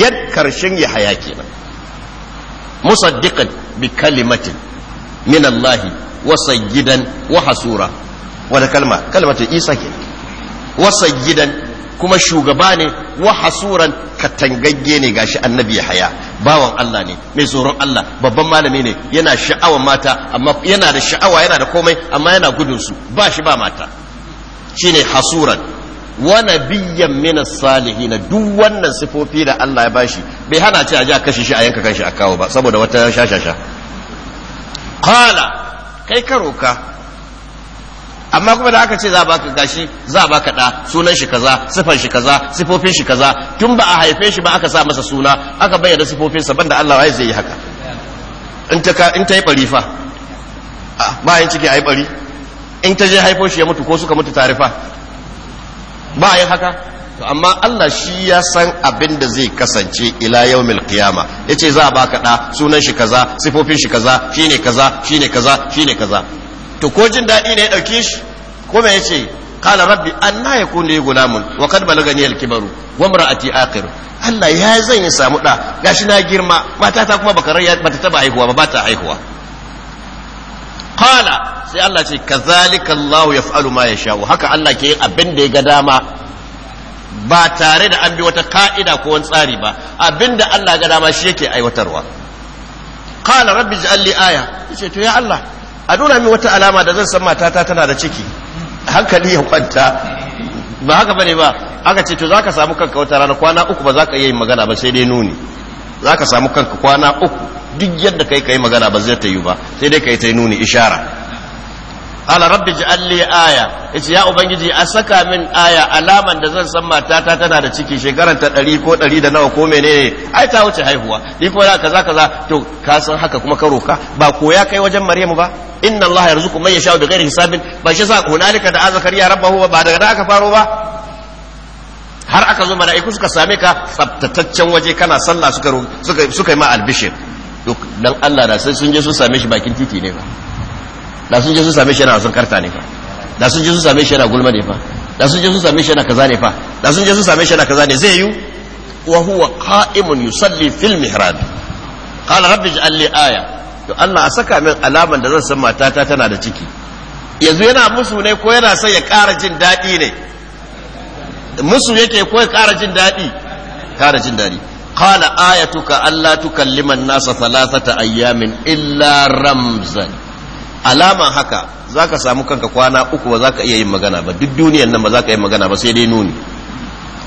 Speaker 1: yad karshen ya haya kenan musaddiqan bi kalimatin min Allah wa sayyidan wa hasura wa kalma kalmatu Isa kenan wa sayyidan kuma shugaba ne wa hasuran katangagge ne gashi annabi ya haya bawan Allah ne mai tsoron Allah babban malami ne yana sha'awa mata amma yana da sha'awa yana da komai amma yana gudun su ba shi ba mata shine hasuran wa nabiyyan min salihin duk wannan sifofi da Allah ya bashi bai hana ce a ji a kashe shi a yanka kanshi a kawo ba saboda wata shashasha qala kai karoka amma kuma da aka ce za a baka gashi za a baka da sunan shi kaza sifan shi kaza sifofin shi kaza tun ba a haife shi ba aka sa masa suna aka bayyana sifofin sa banda Allah wai zai yi haka in ta in ta yi bari fa ba yin ciki ai bari in ta je haifo shi ya mutu ko suka mutu tare fa ba yin haka to amma Allah shi ya san abin da zai kasance ila yaumil qiyama yace za a baka da sunan shi kaza sifofin shi kaza shine kaza shine kaza shine kaza to ko jin daɗi ne ya ɗauke shi ko me yace qala rabbi anna yakunu li gulamun wa qad balagani al-kibaru wa imra'ati akhir Allah ya zan ya samu da gashi na girma matata kuma bakarar ya bata taba haihuwa ba ta haihuwa qala sai Allah ce kazalika Allah yaf'alu ma yasha haka Allah ke abin da ya ga dama ba tare da an bi wata ka'ida ko wani tsari ba abinda Allah ga dama shi yake aiwatarwa qala rabbi ij'al li aya yace to ya Allah a nuna min wata alama da zan san matata tana da ciki hankali ya kwanta ba haka bane ba aka ce to za ka samu kanka wata rana kwana uku ba za ka iya yin magana ba sai dai nuni za ka samu kanka kwana uku duk yadda kai ka yi magana ba zai ta yi ba sai dai ka yi ta nuni ishara qala rabbi ij'al li aya yace ya ubangiji a saka min aya alaman da zan san matata tana da ciki shekaran ta 100 ko 100 da nawa ko menene ai ta wuce haihuwa ni ko kaza kaza to ka san haka kuma ka roka ba koya kai wajen maryamu ba inna allaha yarzuqu man yasha'u bighairi hisabin ba shi sa hunalika da azkariya rabbahu ba daga da aka faro ba har aka zo mala'iku suka same ka tsaftataccen waje kana sallah suka suka yi ma albishir duk dan Allah da sai sun je sun same shi bakin titi ne ba da sun je sun same shi yana sun karta ne fa da sun je sun same shi yana gulma ne fa da sun je sun same shi yana kaza ne fa da sun je sun same shi yana kaza ne zai yi wa huwa qa'imun yusalli fil mihrab qala rabbi ij'al li aya to Allah a saka min alaman da zan san matata tana da ciki yanzu yana musu ne ko yana son ya ƙara jin daɗi ne musu yake ko ya ƙara jin daɗi ƙara jin daɗi qala ayatuka alla tukalliman nasa thalathata ayyamin illa ramzan alaman haka za ka samu kanka kwana uku ba za ka iya yin magana ba duk duniyar nan ba za ka yi magana ba sai dai nuni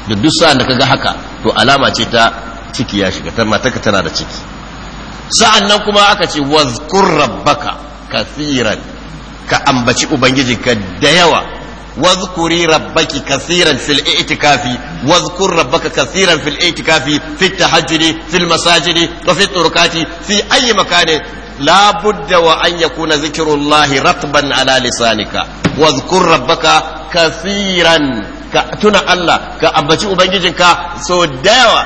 Speaker 1: da duk sa'an da kaga haka to alama ce ta ciki ya shiga ta mataka tana da ciki sa'an nan kuma aka ce wazkur rabbaka kasiran ka ambaci ubangijinka da yawa wazkuri rabbaki kasiran fil i'tikafi wazkur rabbaka kasiran fil i'tikafi fit tahajjudi fil masajidi wa fit turqati fi ayi makani la budda wa an yakuna zikrullahi ratban ala lisanika wadhkur rabbaka kafiran ka tuna Allah ka ambaci ubangijinka so dawa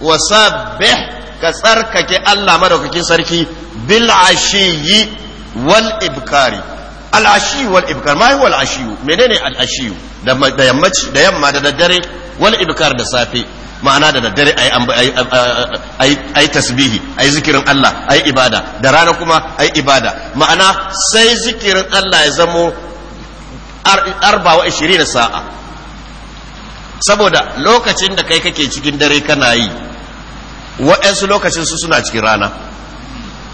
Speaker 1: wa sabbih ka tsarkake Allah madaukakin sarki bil ashiyi wal ibkari al ashiyi wal ibkar ma huwa al ashiyu menene al ashiyu da yamma da daddare wal ibkar da safe ma'ana da daddare ai tasbihi ai zikirin Allah ai ibada da rana kuma ai ibada ma'ana sai zikirin Allah ya zamo arbawa ishirin sa'a saboda lokacin da kai kake cikin dare kana yi wa'yansu lokacin su suna cikin rana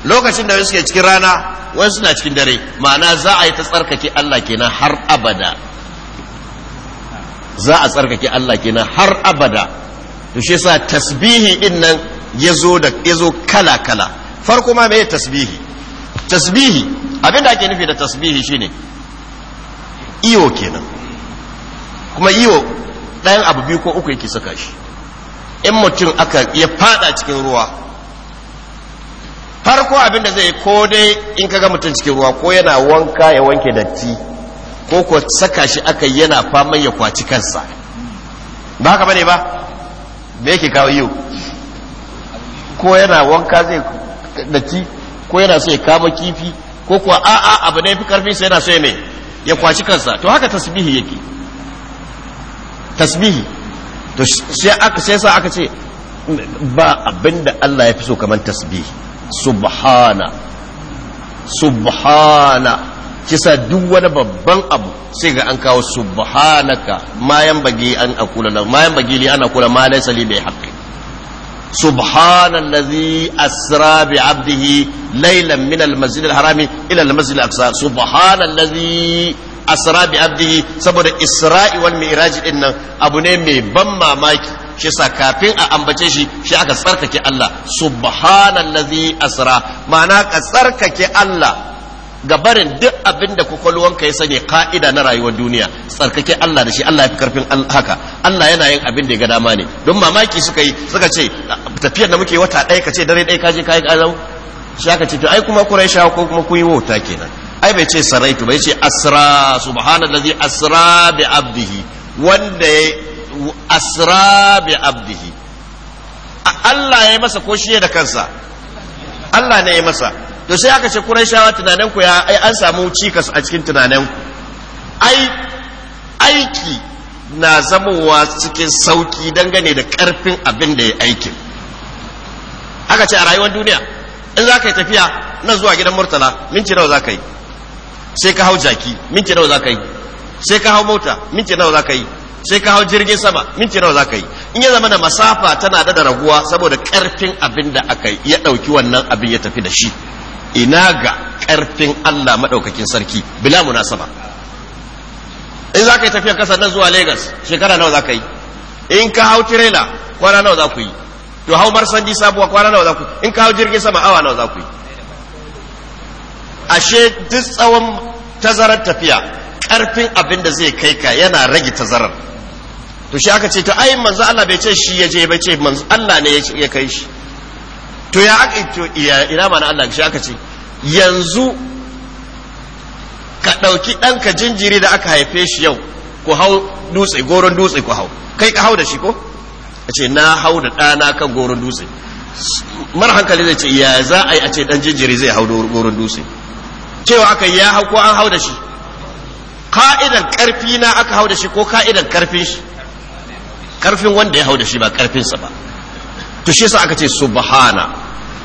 Speaker 1: lokacin da suke cikin rana wani suna cikin dare ma'ana za a yi ta tsarkake Allah kenan har abada za a tsarkake Allah kenan har abada to shi sa tasbihi din nan yazo da yazo kala kala farko ma mai tasbihi tasbihi da ake nufi da tasbihi shine iyo kenan kuma iyo ɗayan abu biyu ko uku yake saka shi in mutum aka ya fada cikin ruwa farko abin da zai ko dai in kaga mutum cikin ruwa ko yana wanka ya wanke datti ko ko saka shi aka yana faman ya kwaci kansa ba haka bane ba me yake kawo yau ko yana wanka zai datti ko yana so ya kama kifi ko kuwa a'a abu ne fi karfi sai yana so ya mai ya kwaci kansa to haka tasbihi yake tasbihi to sai aka sai sa aka ce ba abinda Allah ya fi so kamar tasbihi subhana subhana kisa duk wani babban abu sai ga an kawo subhanaka mayan yanbaghi an akula la ma yanbaghi li an aqula ma laysa li bihaqqi subhanallazi asra bi 'abdihi laylan min al-masjid al-harami ila al-masjid al-aqsa subhanallazi asra bi 'abdihi saboda isra'i wal mi'raj din abu ne mai ban mamaki shi sa kafin a ambace shi shi aka tsarkake Allah subhanallazi asra ma'ana ka tsarkake Allah ga barin duk abin da kwakwalwanka ya sani ka'ida na rayuwar duniya tsarkake Allah da shi Allah ya fi karfin haka Allah yana yin abin da ya ga dama ne don mamaki suka yi suka ce tafiyar da muke wata ɗaya ka ce dare ɗaya ka je ka yi ƙazau shi aka ce to ai kuma kurai sha ko kuma kun yi wauta kenan ai bai ce saraitu bai ce asra subhanallazi asra bi abdihi wanda ya asra bi abdihi Allah ya yi masa ko shi da kansa Allah ne ya masa to sai aka ce kurai tunanin ku ya ai an samu cikas a cikin tunanin ku ai aiki na zamowa cikin sauki dangane da karfin abin da ya aikin aka ce a rayuwar duniya in za ka yi tafiya na zuwa gidan murtala minti nawa za ka yi sai ka hau jaki minti nawa za ka yi sai ka hau mota minti nawa za ka yi sai ka hau jirgin sama minti nawa za ka yi in ya zama da masafa tana da raguwa saboda karfin abin da aka yi ya ɗauki wannan abin ya tafi da shi ina ga ƙarfin Allah maɗaukakin sarki bila munasaba in za ka yi tafiyar kasar nan zuwa Legas shekara nawa za ka yi in ka hau tirela kwana nawa za ku yi to hau marsandi sabuwa kwana nawa za ku yi in ka hau jirgin sama awa nawa za ku yi ashe duk tsawon tazarar tafiya ƙarfin abin da zai kai ka yana rage tazarar to shi aka ce to ai manzo Allah bai ce shi ya je bai ce manzo Allah ne ya kai shi to ya aka ina mana Allah shi aka ce yanzu ka ɗauki ɗanka jinjiri da aka haife shi yau ku hau dutse goron dutse ku hau kai ka hau da shi ko a ce na hau da ɗana kan goron dutse mara hankali zai ce ya za a yi a ce ɗan jinjiri zai hau goron dutse cewa aka ya hau ko an hau da shi ka'idan ƙarfi na aka hau da shi ko ka'idan ƙarfin shi ƙarfin wanda ya hau da shi ba ƙarfinsa ba to shi yasa aka ce subhana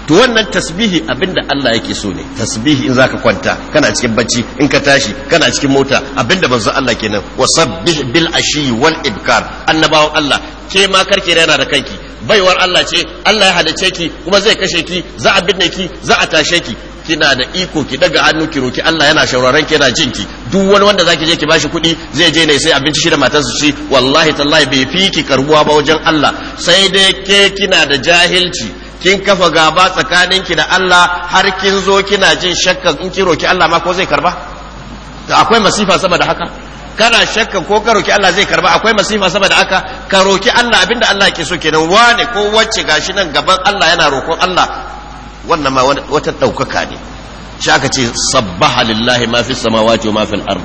Speaker 1: to wannan tasbihi abinda Allah yake so ne tasbihi in zaka kwanta kana cikin bacci in ka tashi kana cikin mota abinda manzo Allah kenan wasabbih bil ashi wal ibkar annabawan Allah ke ma karki yana da kanki baiwar Allah ce Allah ya halice ki kuma zai kashe ki za a binne ki za a tashe ki kina da iko ki daga hannu ki roki Allah yana shauraran ki yana jin ki duk wani wanda zaki je ki bashi kuɗi zai je ne sai abinci shi da matarsa ci wallahi tallahi bai fi ki karbuwa ba wajen Allah sai dai ke kina da jahilci kin kafa gaba tsakanin ki da Allah har kin zo kina jin shakkan in ki roki Allah ma ko zai karba akwai masifa saboda haka kana shakka ko ka roki Allah zai karba akwai masifa saboda aka ka roki Allah abinda Allah ke so kenan wane ko wacce gashi nan gaban Allah yana roƙon Allah wannan ma wata ɗaukaka ne shi aka ce sabbaha lillahi ma fi samawati wa ma fil ard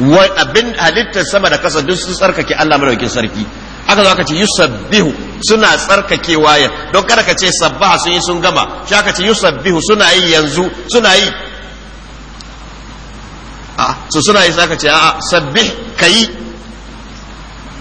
Speaker 1: wai abin halittar sama da kasa duk sun tsarkake Allah madaukakin sarki aka zo aka ce yusabbihu suna tsarkakewa ya don kada ka ce sabbaha sun yi sun gama shi aka ce yusabbihu suna yi yanzu suna yi a so suna yi zaka ce a sabbih kai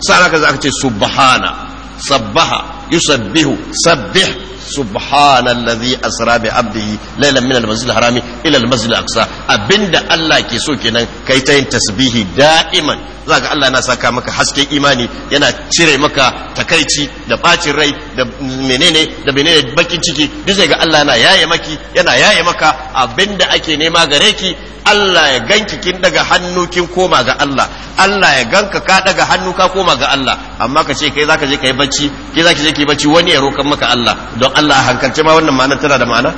Speaker 1: sa'ana ka zaka ce subhana sabbaha yusabbihu sabbih subhana allazi asra bi abdihi laylan min al-masjid al-harami ila al-masjid al-aqsa abinda Allah ke so kenan kai ta yin tasbihi da'iman zaka Allah yana saka maka hasken imani yana cire maka takaici da bacin rai da menene da menene bakin ciki duk sai ga Allah yana yaye maki yana yaye maka abinda ake nema gare ki Allah ya ganki kin daga hannu kin koma ga Allah Allah ya ganka ka daga hannu ka koma ga Allah amma ka ce kai zaka je kai bacci kai zaka je kai bacci wani ya rokan maka Allah don Allah hankalce ma wannan ma'ana tana da ma'ana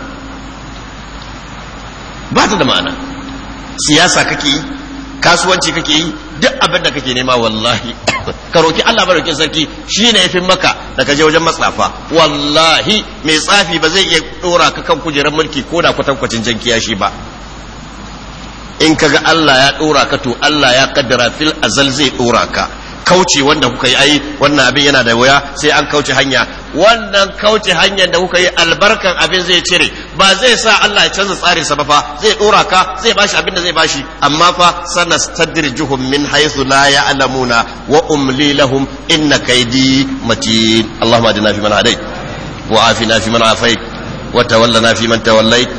Speaker 1: ba ta da ma'ana siyasa kake yi kasuwanci kake yi duk abin da kake nema wallahi ka roki Allah roki sarki shine yafin maka da ka je wajen matsafa wallahi mai tsafi ba zai iya dora ka kan kujerar mulki ko da kwatankwacin jan shi ba in kaga Allah ya dora ka to Allah ya kaddara fil azal zai dora ka kauce wanda kuka yi ai wannan abin yana da wuya sai an kauce hanya wannan kauce hanyar da kuka yi albarkan abin zai cire ba zai sa Allah ya canza tsarin sa ba fa zai dora ka zai bashi abin da zai bashi amma fa sanastadrijuhum min haythu la ya'lamuna wa umli lahum inna kaydi matin Allahumma adina fi man hadayt wa afina fi man afayt wa tawallana fi man tawallait